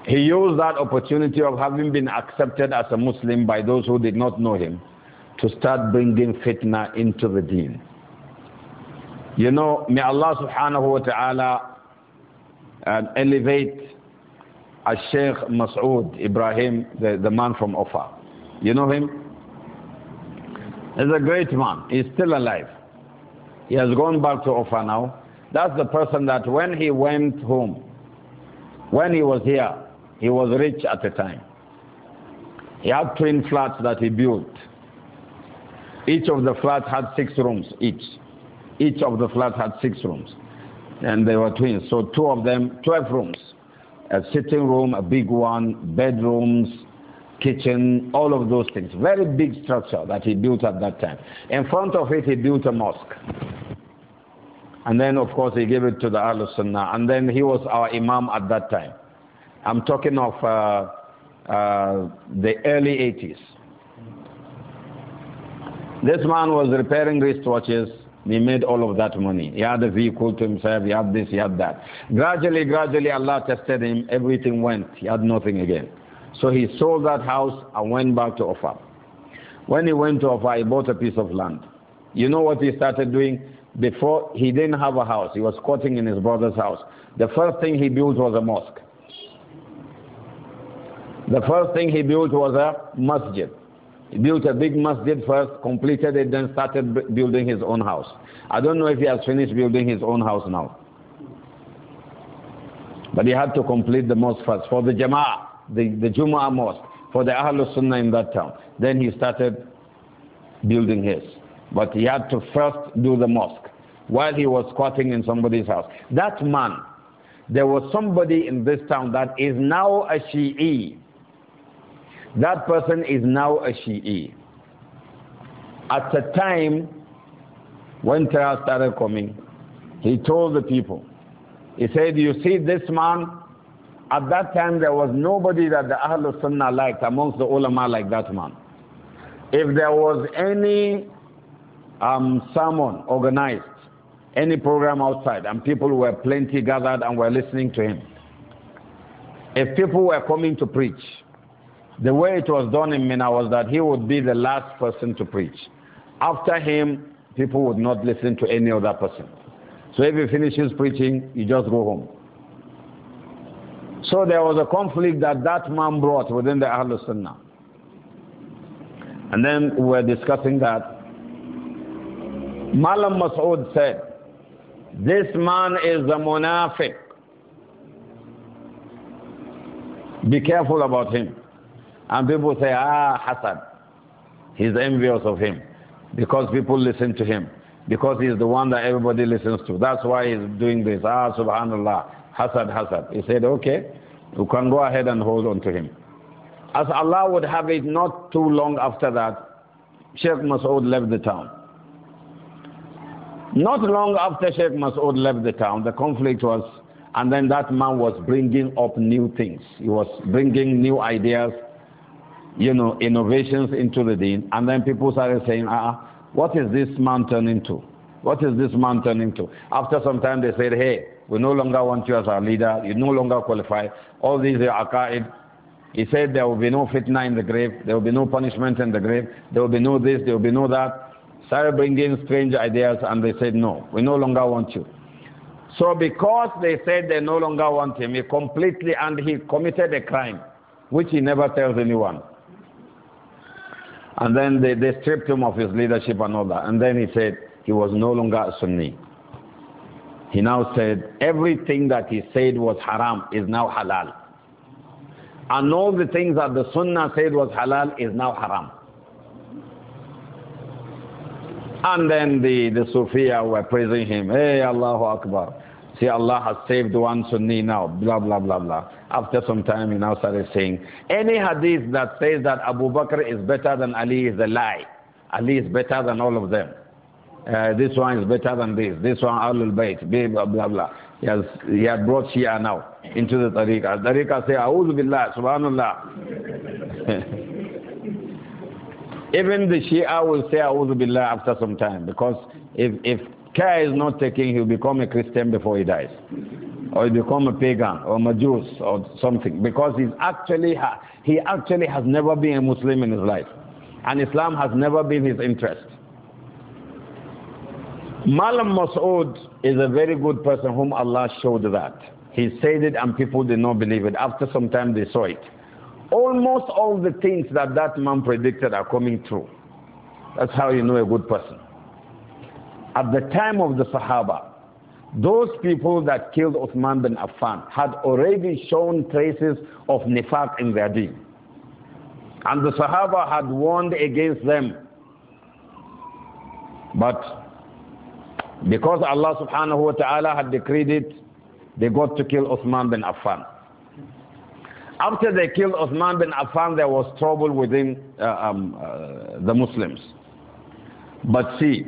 He used that opportunity of having been accepted as a Muslim by those who did not know him to start bringing fitna into the deen. You know, may Allah subhanahu wa ta'ala um, elevate a Sheikh Masood Ibrahim, the, the man from Ofa. You know him? He's a great man. He's still alive. He has gone back to Ufa now. That's the person that when he went home, when he was here, he was rich at the time. He had twin flats that he built. Each of the flats had six rooms each. Each of the flats had six rooms. And they were twins. So two of them, 12 rooms. A sitting room, a big one, bedrooms, kitchen, all of those things. Very big structure that he built at that time. In front of it, he built a mosque. And then, of course, he gave it to the Ahlul Sunnah. And then he was our Imam at that time. I'm talking of uh, uh, the early 80s. This man was repairing wristwatches. He made all of that money. He had a vehicle to himself. He had this, he had that. Gradually, gradually, Allah tested him. Everything went. He had nothing again. So he sold that house and went back to Offa. When he went to Offa, he bought a piece of land. You know what he started doing? Before, he didn't have a house. He was squatting in his brother's house. The first thing he built was a mosque. The first thing he built was a masjid. He built a big masjid first, completed it, then started building his own house. I don't know if he has finished building his own house now. But he had to complete the mosque first for the jama'ah the, the Jumu'ah mosque for the Ahlul Sunnah in that town. Then he started building his. But he had to first do the mosque while he was squatting in somebody's house. That man, there was somebody in this town that is now a Shi'i. That person is now a Shi'i. At the time when trials started coming, he told the people, he said, You see this man? At that time, there was nobody that the Ahlul Sunnah liked amongst the ulama like that man. If there was any um, sermon organized, any program outside, and people were plenty gathered and were listening to him, if people were coming to preach, the way it was done in Mina was that he would be the last person to preach. After him, people would not listen to any other person. So if he finishes preaching, you just go home. So there was a conflict that that man brought within the Ahlul Sunnah. And then we were discussing that. Malam Masood said, This man is a munafiq. Be careful about him. And people say, Ah, Hassan. He's envious of him because people listen to him because he's the one that everybody listens to. That's why he's doing this. Ah, subhanallah. Hasad, Hasad. He said, okay, you can go ahead and hold on to him. As Allah would have it, not too long after that, Sheikh Masood left the town. Not long after Sheikh Masood left the town, the conflict was, and then that man was bringing up new things. He was bringing new ideas, you know, innovations into the deen. And then people started saying, ah, ah what is this man turning into? What is this man turning into? After some time, they said, hey, we no longer want you as our leader. You no longer qualify. All these are akaid. He said there will be no fitna in the grave. There will be no punishment in the grave. There will be no this. There will be no that. Started bringing strange ideas and they said, no, we no longer want you. So because they said they no longer want him, he completely, and he committed a crime, which he never tells anyone. And then they, they stripped him of his leadership and all that. And then he said he was no longer a Sunni. He now said, everything that he said was haram is now halal. And all the things that the sunnah said was halal is now haram. And then the, the Sufiya were praising him. Hey, Allahu Akbar. See, Allah has saved one Sunni now. Blah, blah, blah, blah. After some time, he now started saying, any hadith that says that Abu Bakr is better than Ali is a lie. Ali is better than all of them. Uh, this one is better than this, this one Ahlul Bayt, blah, blah, blah. He, has, he had brought Shia now into the Tariqah. Tariqah say, A'udhu Billah, Subhanallah. Even the Shia will say A'udhu Billah after some time because if, if care is not taken, he'll become a Christian before he dies. Or he become a pagan or a Majus or something because he's actually, he actually has never been a Muslim in his life. And Islam has never been his interest. Malam Mas'ud is a very good person whom Allah showed that. He said it and people did not believe it. After some time they saw it. Almost all the things that that man predicted are coming true. That's how you know a good person. At the time of the Sahaba, those people that killed Uthman bin Affan had already shown traces of nifaq in their deen. And the Sahaba had warned against them. But because Allah subhanahu wa ta'ala had decreed it, they got to kill Uthman bin Affan. After they killed Uthman bin Affan, there was trouble within uh, um, uh, the Muslims. But see,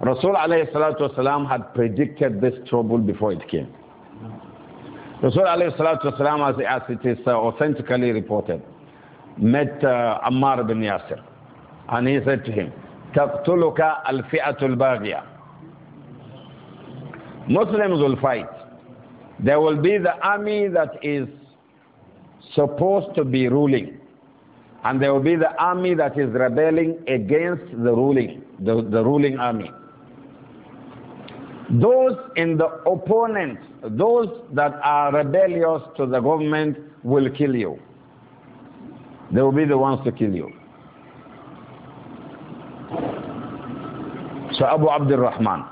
Rasul alayhi salatu wasalam had predicted this trouble before it came. Rasul alayhi salatu wasalam, as, as it is uh, authentically reported, met uh, Ammar bin Yasir. And he said to him, تقتلك الفئة الباغية Muslims will fight. There will be the army that is supposed to be ruling. And there will be the army that is rebelling against the ruling, the, the ruling army. Those in the opponents, those that are rebellious to the government, will kill you. They will be the ones to kill you. So Abu Abdul Rahman.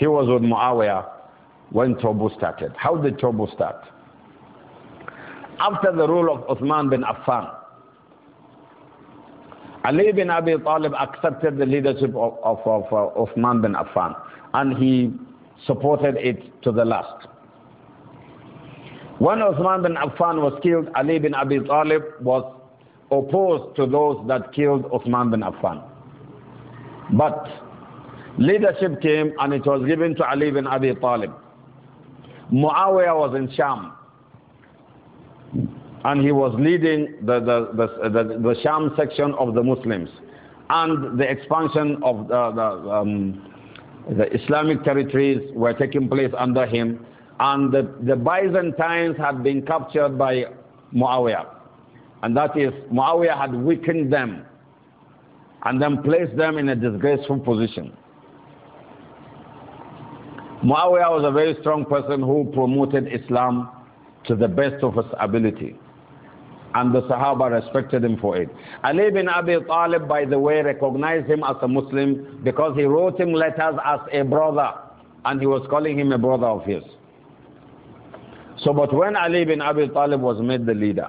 He was with Muawiyah when trouble started. How did trouble start? After the rule of Uthman bin Affan, Ali bin Abi Talib accepted the leadership of, of, of uh, Uthman bin Affan and he supported it to the last. When Uthman bin Affan was killed, Ali bin Abi Talib was opposed to those that killed Uthman bin Affan. But Leadership came and it was given to Ali bin Abi Talib. Muawiyah was in Sham and he was leading the, the, the, the, Sham section of the Muslims and the expansion of um, the, Islamic territories were taking place under him and the, the Byzantines had been captured by Muawiyah and that is Muawiyah had weakened them and then placed them in a disgraceful position Muawiyah was a very strong person who promoted Islam to the best of his ability. And the Sahaba respected him for it. Ali bin Abi Talib, by the way, recognized him as a Muslim because he wrote him letters as a brother. And he was calling him a brother of his. So, but when Ali bin Abi Talib was made the leader,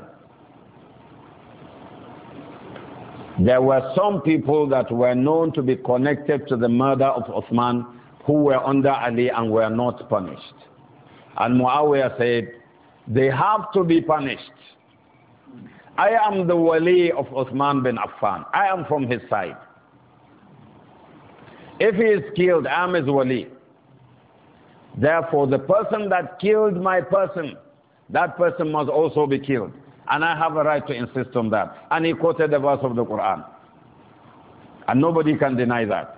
there were some people that were known to be connected to the murder of Uthman who were under Ali and were not punished. And Muawiyah said, they have to be punished. I am the wali of Uthman bin Affan. I am from his side. If he is killed, I am his wali. Therefore, the person that killed my person, that person must also be killed. And I have a right to insist on that. And he quoted the verse of the Quran. And nobody can deny that.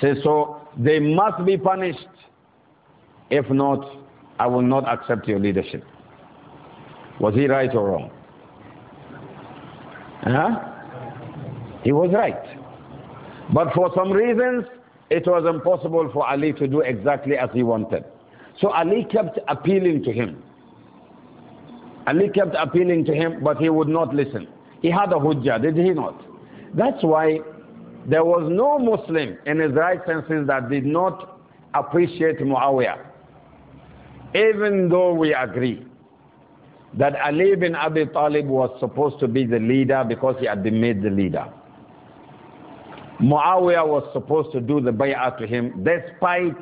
Say so they must be punished. If not, I will not accept your leadership. Was he right or wrong? Huh? He was right. But for some reasons, it was impossible for Ali to do exactly as he wanted. So Ali kept appealing to him. Ali kept appealing to him, but he would not listen. He had a hujjah, did he not? That's why there was no Muslim in his right senses that did not appreciate Muawiyah. Even though we agree that Ali bin Abi Talib was supposed to be the leader because he had been made the leader. Muawiyah was supposed to do the bay'ah to him despite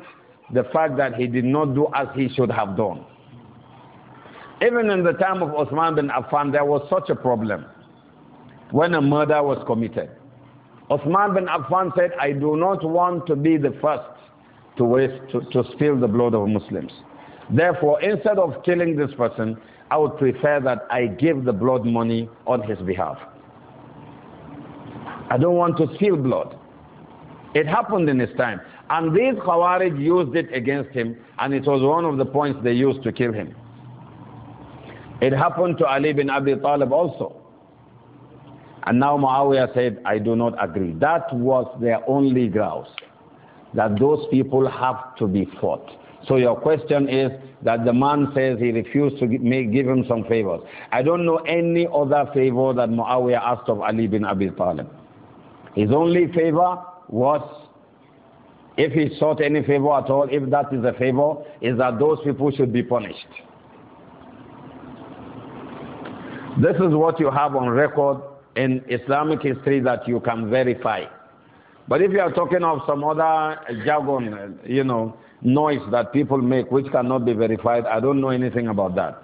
the fact that he did not do as he should have done. Even in the time of Osman bin Affan, there was such a problem when a murder was committed. Uthman bin Affan said, I do not want to be the first to, waste, to, to spill the blood of Muslims. Therefore, instead of killing this person, I would prefer that I give the blood money on his behalf. I don't want to spill blood. It happened in his time. And these Khawarij used it against him, and it was one of the points they used to kill him. It happened to Ali bin Abi Talib also. And now Muawiyah said, I do not agree. That was their only grouse, that those people have to be fought. So your question is that the man says he refused to make, give him some favors. I don't know any other favor that Muawiyah asked of Ali bin Abi Talib. His only favor was, if he sought any favor at all, if that is a favor, is that those people should be punished. This is what you have on record in Islamic history that you can verify. But if you are talking of some other jargon, you know, noise that people make which cannot be verified, I don't know anything about that.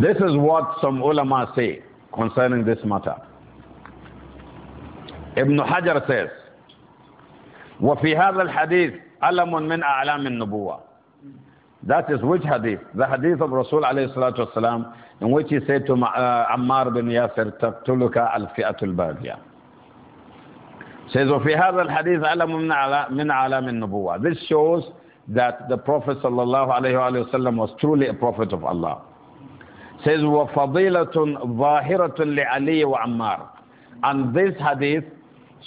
This is what some ulama say concerning this matter. Ibn Hajar says, وفي هذا الحديث ألم من أعلام النبوة that is which hadith? The hadith of Rasul alayhi salatu wasalam, in which he said to uh, Ammar bin Yasir, تَقْتُلُكَ الْفِئَةُ الْبَاغِيَةُ Says, وَفِي هَذَا الْحَدِيثِ عَلَمٌ مِنْ عَلَامِ النُّبُوَّةِ This shows that the Prophet sallallahu alayhi wa was truly a prophet of Allah. Says, وَفَضِيلَةٌ ظَاهِرَةٌ لِعَلِيِّ وَعَمَّارِ And this hadith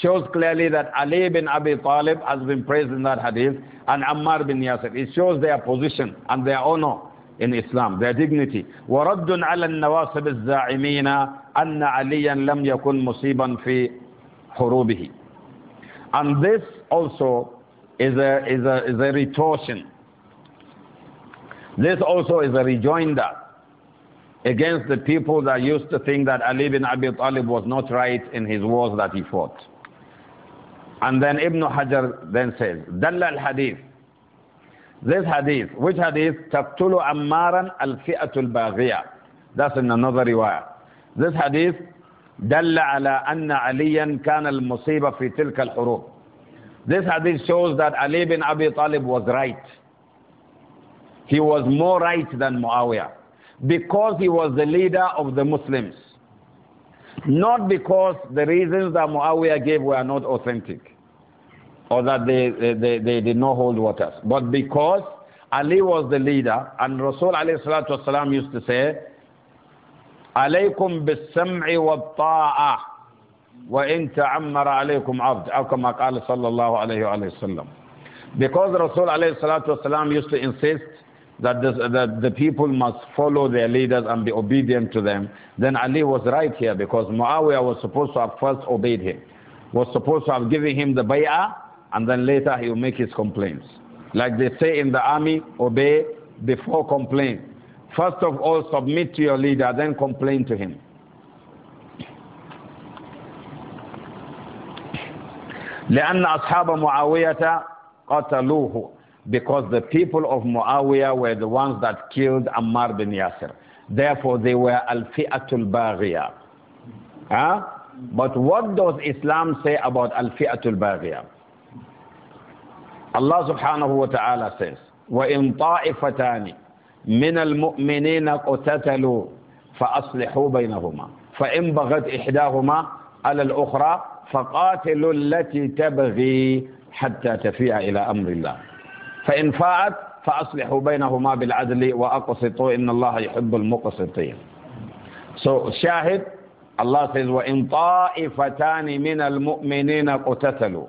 shows clearly that Ali bin Abi Talib has been praised in that hadith and Ammar bin Yasir. It shows their position and their honor in Islam, their dignity. ورد على النواصب الزاعمين أن عليا لم يكن مصيبا في حروبه. And this also is a, is a, is a retortion. This also is a rejoinder against the people that used to think that Ali bin Abi Talib was not right in his wars that he fought. And then Ibn Hajar then says, Dalla al-Hadith. This hadith, which hadith? Taqtulu ammaran al-fi'atul baghiya. That's in another riwayah. This hadith, Dalla ala anna aliyan kana al-musiba fi tilka al-hurub. This hadith shows that Ali bin Abi Talib was right. He was more right than Muawiyah because he was the leader of the Muslims. Not because the reasons that Muawiyah gave were not authentic or that they, they, they did not hold waters, but because Ali was the leader and Rasul والسلام, used to say, عليكم بالسمع والطاعة وإن تعمر عليكم عبد أو كما قال صلى الله عليه وسلم because Rasul والسلام, used to insist that, this, that the people must follow their leaders and be obedient to them, then Ali was right here because Muawiyah was supposed to have first obeyed him, was supposed to have given him the bay'ah, and then later he will make his complaints. Like they say in the army, obey before complain. First of all, submit to your leader, then complain to him. لأن أصحاب معاوية قتلوه because the people of Muawiyah were the ones that killed Ammar bin Yasir. Therefore, they were al-fi'atul baghiya. Huh? But what does Islam say about al-fi'atul baghiya? Allah subhanahu wa ta'ala says, وَإِن طَائِفَتَانِ مِنَ الْمُؤْمِنِينَ قُتَتَلُوا فَأَصْلِحُوا بَيْنَهُمَا فَإِن بَغَتْ إِحْدَاهُمَا عَلَى الْأُخْرَى فَقَاتِلُوا الَّتِي تَبْغِي حَتَّى تَفِيَ إِلَى أَمْرِ اللَّهِ فإن فاءت فأصلحوا بينهما بالعدل وأقسطوا إن الله يحب المقسطين So شاهد Allah says وإن طائفتان من المؤمنين قتتلوا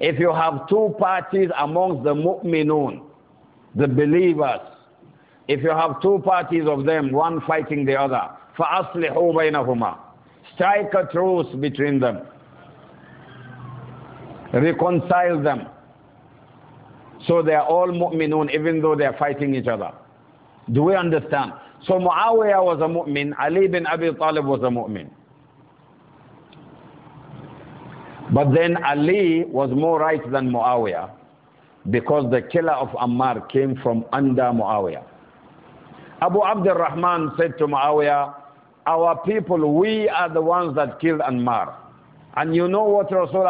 If you have two parties amongst the mu'minun the believers if you have two parties of them one fighting the other فأصلحوا بينهما strike a truce between them reconcile them So they are all mu'minun even though they are fighting each other. Do we understand? So Muawiyah was a mu'min, Ali bin Abi Talib was a mu'min. But then Ali was more right than Muawiyah because the killer of Ammar came from under Muawiyah. Abu Abdul Rahman said to Muawiyah, Our people, we are the ones that killed Ammar. And you know what Rasul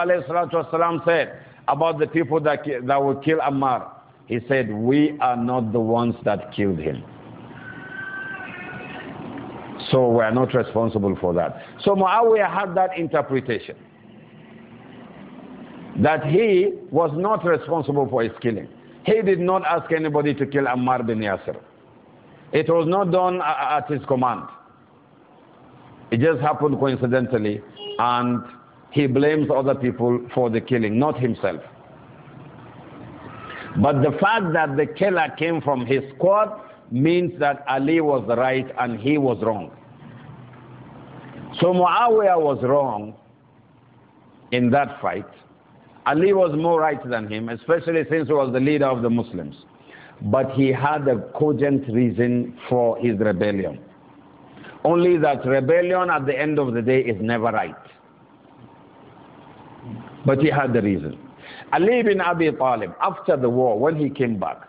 said? about the people that, that will kill Ammar. He said, We are not the ones that killed him. So we are not responsible for that. So Muawiyah had that interpretation that he was not responsible for his killing. He did not ask anybody to kill Ammar bin Yasir. It was not done at his command. It just happened coincidentally, and he blames other people for the killing, not himself. But the fact that the killer came from his squad means that Ali was right and he was wrong. So Muawiyah was wrong in that fight. Ali was more right than him, especially since he was the leader of the Muslims. But he had a cogent reason for his rebellion. Only that rebellion at the end of the day is never right. But he had the reason. Ali bin Abi Talib, after the war, when he came back,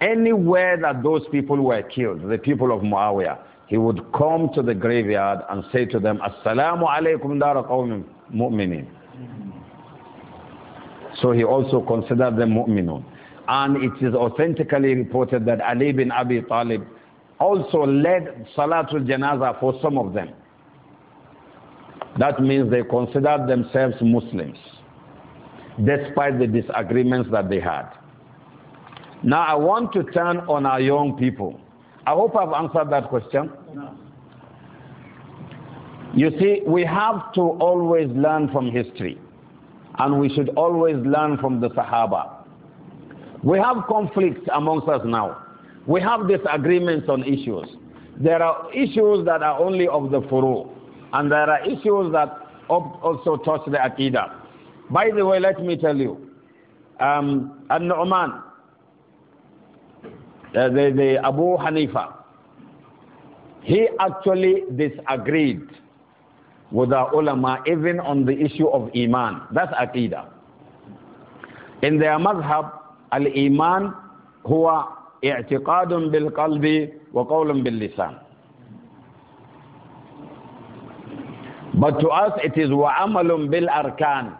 anywhere that those people were killed, the people of Muawiyah, he would come to the graveyard and say to them, Assalamu alaykum dara mu'minin. So he also considered them mu'minun. And it is authentically reported that Ali bin Abi Talib also led Salatul janaza for some of them. That means they considered themselves Muslims, despite the disagreements that they had. Now, I want to turn on our young people. I hope I've answered that question. No. You see, we have to always learn from history, and we should always learn from the Sahaba. We have conflicts amongst us now, we have disagreements on issues. There are issues that are only of the furu, and there are issues that also touch the Aqidah. By the way, let me tell you, um, An-Nu'man, the, uh, the, the Abu Hanifa, he actually disagreed with the ulama even on the issue of iman. That's aqidah. In their madhab, al-iman huwa i'tiqadun bil-qalbi wa qawlun bil-lisan. But to us it bil وَعَمَلٌ بِالْأَرْكَانِ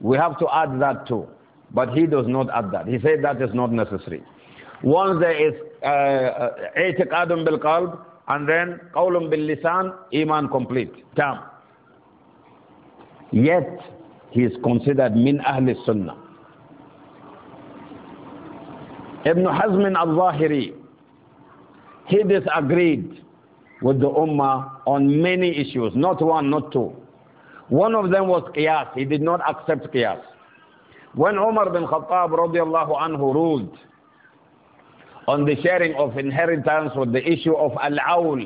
We have to add that too. But he does not add that. He said that is not necessary. Once there is اعتقاد uh, uh, bil qalb, and then bil باللسان iman complete. Tam. Yet he is considered min ahli sunnah. Ibn Hazm al-Zahiri, he disagreed with the Ummah on many issues, not one, not two. One of them was Qiyas. He did not accept Qiyas. When Umar bin Khattab radiallahu anhu ruled on the sharing of inheritance with the issue of Al-Awl,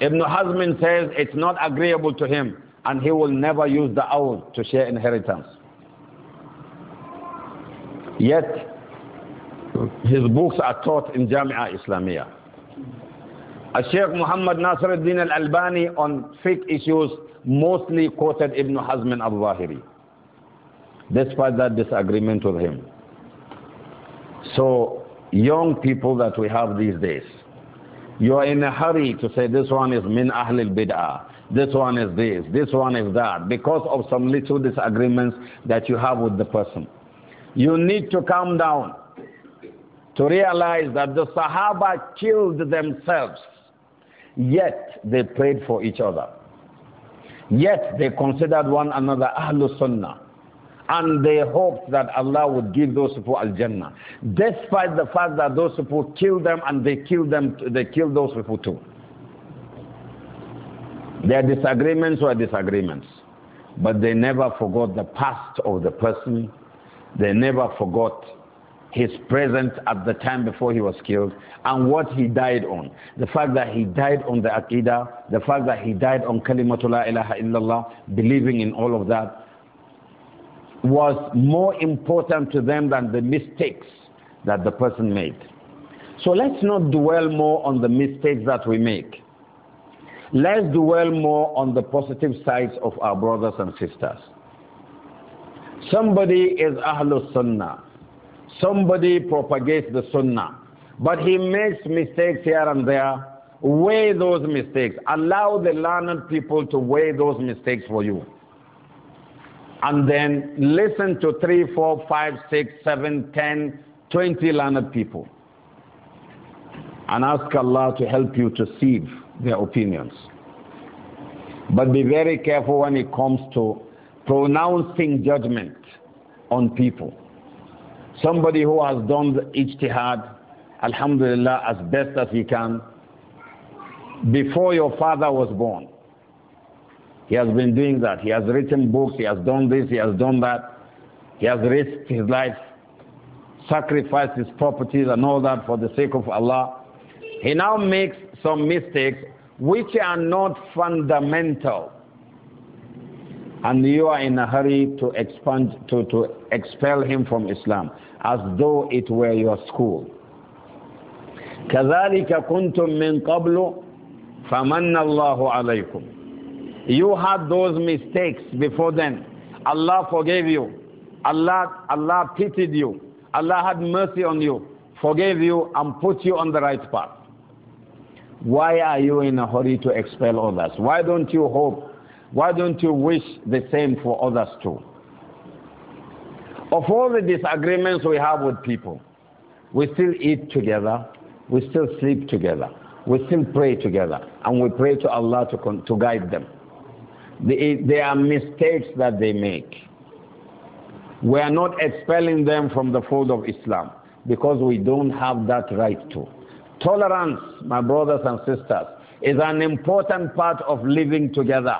Ibn Hazm says it's not agreeable to him and he will never use the owl to share inheritance. Yet, his books are taught in Jamia Islamiyah. Sheikh Muhammad Nasiruddin al bani on fiqh issues mostly quoted Ibn Hazm al Zahiri, despite that disagreement with him. So, young people that we have these days, you are in a hurry to say this one is min ahlil bid'ah, this one is this, this one is that, because of some little disagreements that you have with the person. You need to calm down to realize that the Sahaba killed themselves Yet they prayed for each other. Yet they considered one another Ahlul Sunnah. And they hoped that Allah would give those people Al Jannah. Despite the fact that those people killed them and they killed them, they killed those people too. Their disagreements were disagreements. But they never forgot the past of the person. They never forgot his presence at the time before he was killed and what he died on. The fact that he died on the Aqidah, the fact that he died on Kalimatullah ilaha illallah, believing in all of that, was more important to them than the mistakes that the person made. So let's not dwell more on the mistakes that we make. Let's dwell more on the positive sides of our brothers and sisters. Somebody is Ahlul Sunnah Somebody propagates the sunnah, but he makes mistakes here and there. Weigh those mistakes. Allow the learned people to weigh those mistakes for you. And then listen to three, four, five, six, seven, ten, twenty learned people. And ask Allah to help you to sieve their opinions. But be very careful when it comes to pronouncing judgment on people. Somebody who has done the ijtihad, alhamdulillah, as best as he can, before your father was born. He has been doing that. He has written books, he has done this, he has done that. He has risked his life, sacrificed his properties and all that for the sake of Allah. He now makes some mistakes which are not fundamental. And you are in a hurry to, expand, to, to expel him from Islam as though it were your school. كَذَلِكَ كُنْتُم مِّن قَبْلُ فَمَنَّ اللَّهُ عَلَيْكُمْ You had those mistakes before then. Allah forgave you. Allah, Allah pitied you. Allah had mercy on you, forgave you, and put you on the right path. Why are you in a hurry to expel others? Why don't you hope? Why don't you wish the same for others too? Of all the disagreements we have with people, we still eat together, we still sleep together, we still pray together, and we pray to Allah to, to guide them. There are mistakes that they make. We are not expelling them from the fold of Islam because we don't have that right to. Tolerance, my brothers and sisters, is an important part of living together.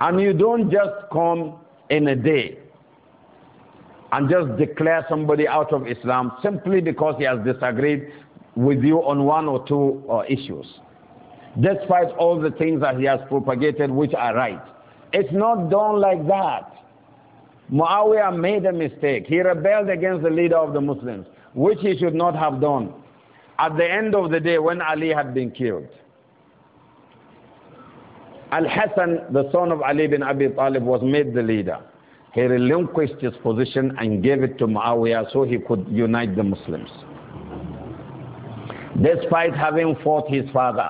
And you don't just come in a day and just declare somebody out of Islam simply because he has disagreed with you on one or two uh, issues, despite all the things that he has propagated which are right. It's not done like that. Muawiyah made a mistake. He rebelled against the leader of the Muslims, which he should not have done. At the end of the day, when Ali had been killed, Al-Hassan, the son of Ali bin Abi Talib, was made the leader. He relinquished his position and gave it to Muawiyah so he could unite the Muslims. Despite having fought his father,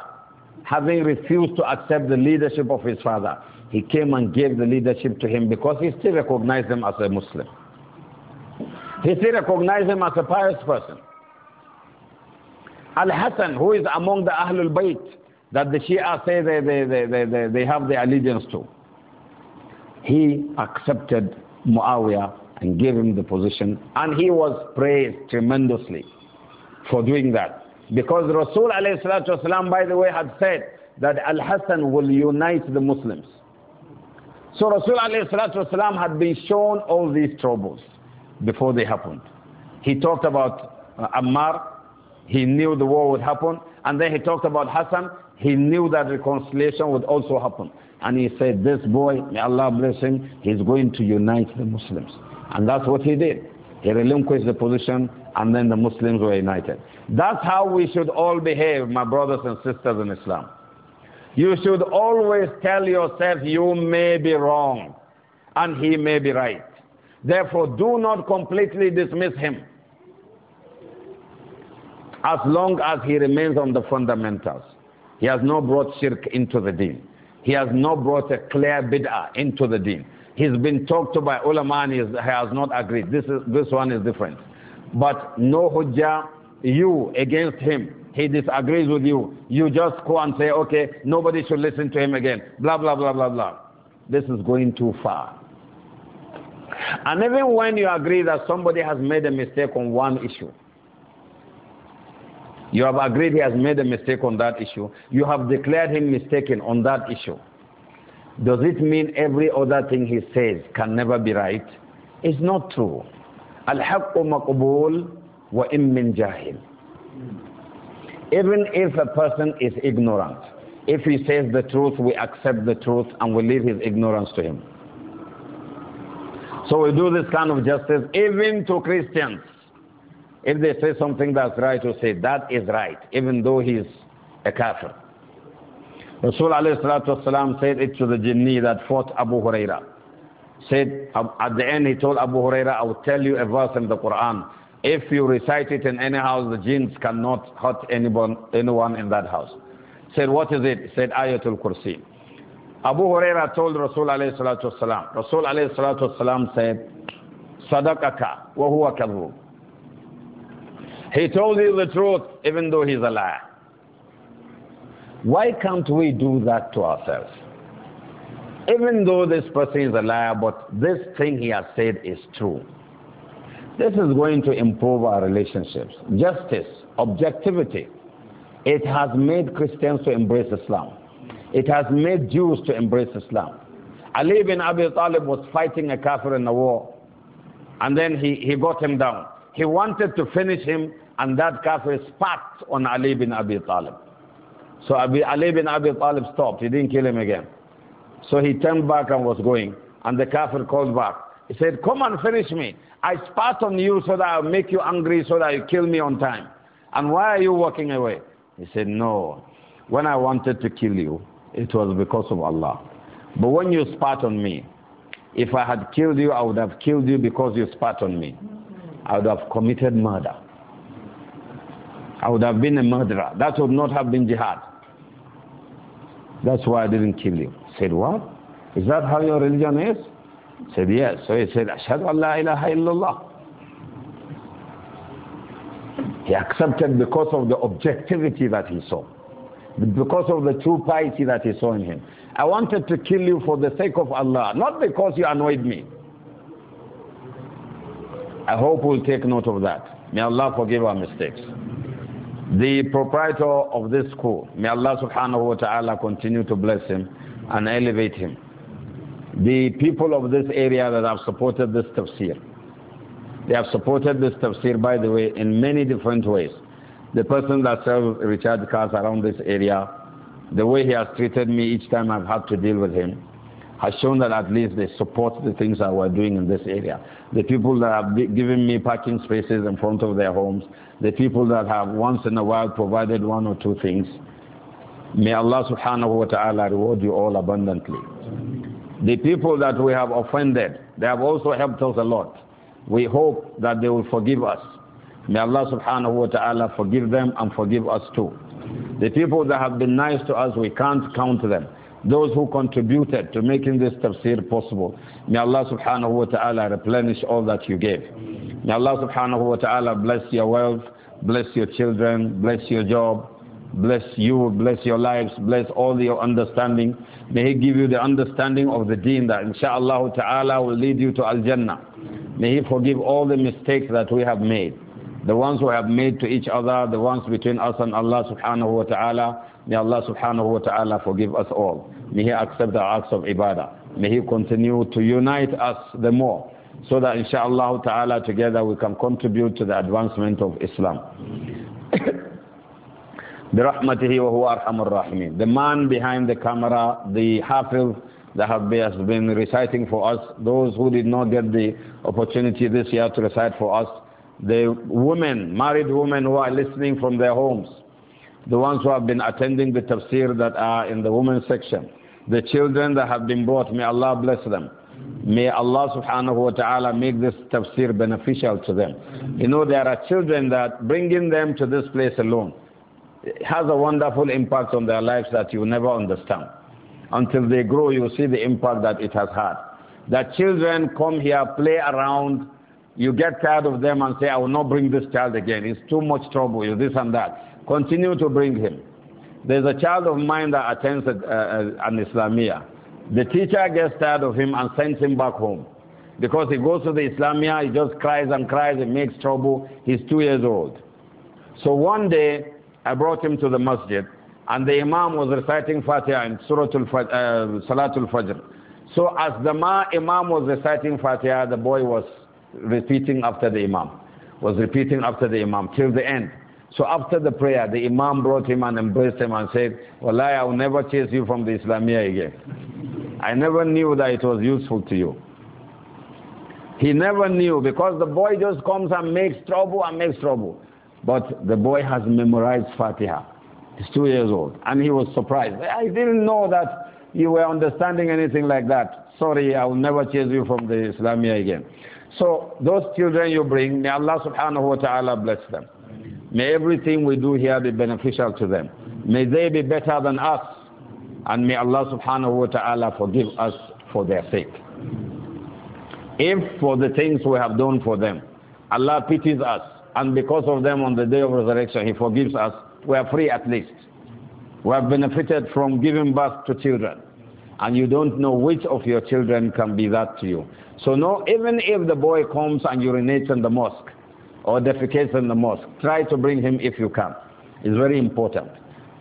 having refused to accept the leadership of his father, he came and gave the leadership to him because he still recognized him as a Muslim. He still recognized him as a pious person. Al Hassan, who is among the Ahlul Bayt, that the Shia say they, they, they, they, they have the allegiance to. He accepted Muawiyah and gave him the position, and he was praised tremendously for doing that. Because Rasul والسلام, by the way, had said that Al Hassan will unite the Muslims. So Rasul والسلام, had been shown all these troubles before they happened. He talked about uh, Ammar, he knew the war would happen, and then he talked about Hassan, he knew that reconciliation would also happen. And he said, This boy, may Allah bless him, he's going to unite the Muslims. And that's what he did. He relinquished the position, and then the Muslims were united. That's how we should all behave, my brothers and sisters in Islam. You should always tell yourself you may be wrong, and he may be right. Therefore, do not completely dismiss him as long as he remains on the fundamentals. He has not brought shirk into the deen. He has not brought a clear bid'ah into the deen. He's been talked to by ulama and he has not agreed. This, is, this one is different. But no hujjah, you against him. He disagrees with you. You just go and say, okay, nobody should listen to him again. Blah, blah, blah, blah, blah. This is going too far. And even when you agree that somebody has made a mistake on one issue, you have agreed he has made a mistake on that issue. You have declared him mistaken on that issue. Does it mean every other thing he says can never be right? It's not true. Al-haqu الحق مقبول wa من jahil. Even if a person is ignorant, if he says the truth, we accept the truth and we leave his ignorance to him. So we do this kind of justice even to Christians. If they say something that's right, you say that is right, even though he's a kafir. Rasul والسلام, said it to the jinni that fought Abu Huraira. Said at the end he told Abu Huraira, I will tell you a verse in the Quran. If you recite it in any house, the jinns cannot hurt anyone, anyone in that house. Said, what is it? Said Ayatul Kursi. Abu Huraira told Rasul alayhi salatu wasalam. Rasul alayhi salatu wasalam said, Sadaqaka wa huwa kadhub. He told you the truth, even though he's a liar. Why can't we do that to ourselves? Even though this person is a liar, but this thing he has said is true. This is going to improve our relationships. Justice, objectivity. It has made Christians to embrace Islam. It has made Jews to embrace Islam. Ali bin Abi Talib was fighting a kafir in the war, and then he, he got him down. He wanted to finish him and that kafir spat on Ali bin Abi Talib. So Abi, Ali bin Abi Talib stopped. He didn't kill him again. So he turned back and was going. And the kafir called back. He said, Come and finish me. I spat on you so that I'll make you angry, so that you kill me on time. And why are you walking away? He said, No. When I wanted to kill you, it was because of Allah. But when you spat on me, if I had killed you, I would have killed you because you spat on me. I would have committed murder. I would have been a murderer. That would not have been jihad. That's why I didn't kill you. He said, What? Is that how your religion is? He said, Yes. So he said, Ashhadu an la ilaha illallah. He accepted because of the objectivity that he saw, because of the true piety that he saw in him. I wanted to kill you for the sake of Allah, not because you annoyed me. I hope we'll take note of that. May Allah forgive our mistakes. The proprietor of this school, may Allah subhanahu wa ta'ala continue to bless him and elevate him. The people of this area that have supported this tafsir, they have supported this tafsir, by the way, in many different ways. The person that served Richard cars around this area, the way he has treated me each time I've had to deal with him, has shown that at least they support the things that we're doing in this area. The people that have given me parking spaces in front of their homes, the people that have once in a while provided one or two things. May Allah subhanahu wa ta'ala reward you all abundantly. The people that we have offended, they have also helped us a lot. We hope that they will forgive us. May Allah subhanahu wa ta'ala forgive them and forgive us too. The people that have been nice to us, we can't count them those who contributed to making this tafsir possible. May Allah subhanahu wa ta'ala replenish all that you gave. May Allah subhanahu wa ta'ala bless your wealth, bless your children, bless your job, bless you, bless your lives, bless all your understanding. May He give you the understanding of the deen that inshaAllah ta'ala will lead you to Al Jannah. May He forgive all the mistakes that we have made. The ones we have made to each other, the ones between us and Allah subhanahu wa ta'ala. May Allah subhanahu wa ta'ala forgive us all. May He accept the acts of ibadah. May He continue to unite us the more so that inshallah ta'ala together we can contribute to the advancement of Islam. The man behind the camera, the hafiz that has been reciting for us, those who did not get the opportunity this year to recite for us, the women, married women who are listening from their homes, the ones who have been attending the tafsir that are in the women's section the children that have been brought, may Allah bless them. May Allah subhanahu wa ta'ala make this tafsir beneficial to them. You know, there are children that bringing them to this place alone has a wonderful impact on their lives that you never understand. Until they grow, you see the impact that it has had. That children come here, play around, you get tired of them and say, I will not bring this child again. It's too much trouble, this and that. Continue to bring him. There's a child of mine that attends a, a, an Islamia. The teacher gets tired of him and sends him back home. Because he goes to the Islamia, he just cries and cries, he makes trouble. He's two years old. So one day, I brought him to the masjid, and the Imam was reciting Fatiha and Surah al uh, Salatul Fajr. So as the ma Imam was reciting Fatiha, the boy was repeating after the Imam, was repeating after the Imam till the end. So after the prayer, the Imam brought him and embraced him and said, Wallahi, I will never chase you from the Islamia again. I never knew that it was useful to you. He never knew because the boy just comes and makes trouble and makes trouble. But the boy has memorized Fatiha. He's two years old. And he was surprised. I didn't know that you were understanding anything like that. Sorry, I will never chase you from the Islamia again. So those children you bring, may Allah subhanahu wa ta'ala bless them. May everything we do here be beneficial to them. May they be better than us. And may Allah subhanahu wa ta'ala forgive us for their sake. If for the things we have done for them, Allah pities us, and because of them on the day of resurrection, He forgives us, we are free at least. We have benefited from giving birth to children. And you don't know which of your children can be that to you. So, no, even if the boy comes and urinates in the mosque, or defecates in the mosque, try to bring him if you can. It's very important.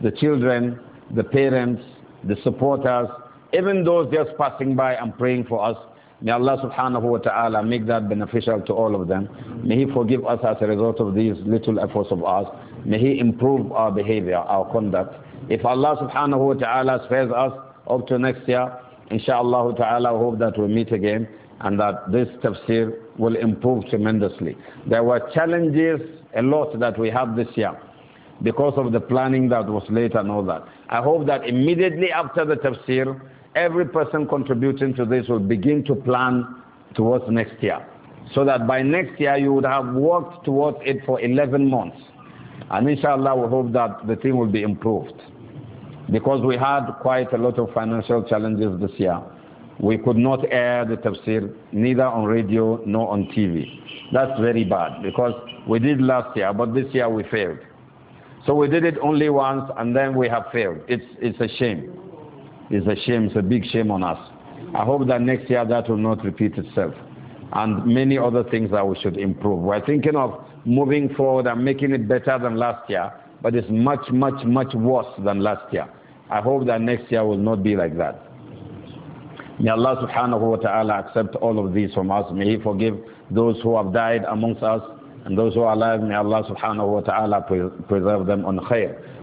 The children, the parents, the supporters, even those just passing by and praying for us, May Allah subhanahu wa ta'ala make that beneficial to all of them. May He forgive us as a result of these little efforts of ours. May He improve our behavior, our conduct. If Allah subhanahu wa ta'ala spares us up to next year, inshallah ta'ala, I hope that we meet again and that this tafsir will improve tremendously. There were challenges, a lot that we had this year because of the planning that was late and all that. I hope that immediately after the tafsir, every person contributing to this will begin to plan towards next year. So that by next year you would have worked towards it for 11 months. And inshallah, we hope that the thing will be improved. Because we had quite a lot of financial challenges this year we could not air the tafsir neither on radio nor on TV. That's very bad because we did last year, but this year we failed. So we did it only once and then we have failed. It's, it's a shame. It's a shame. It's a big shame on us. I hope that next year that will not repeat itself. And many other things that we should improve. We're thinking of moving forward and making it better than last year, but it's much, much, much worse than last year. I hope that next year will not be like that. May Allah subhanahu wa ta'ala accept all of these from us. May He forgive those who have died amongst us and those who are alive. May Allah subhanahu wa ta'ala preserve them on khair.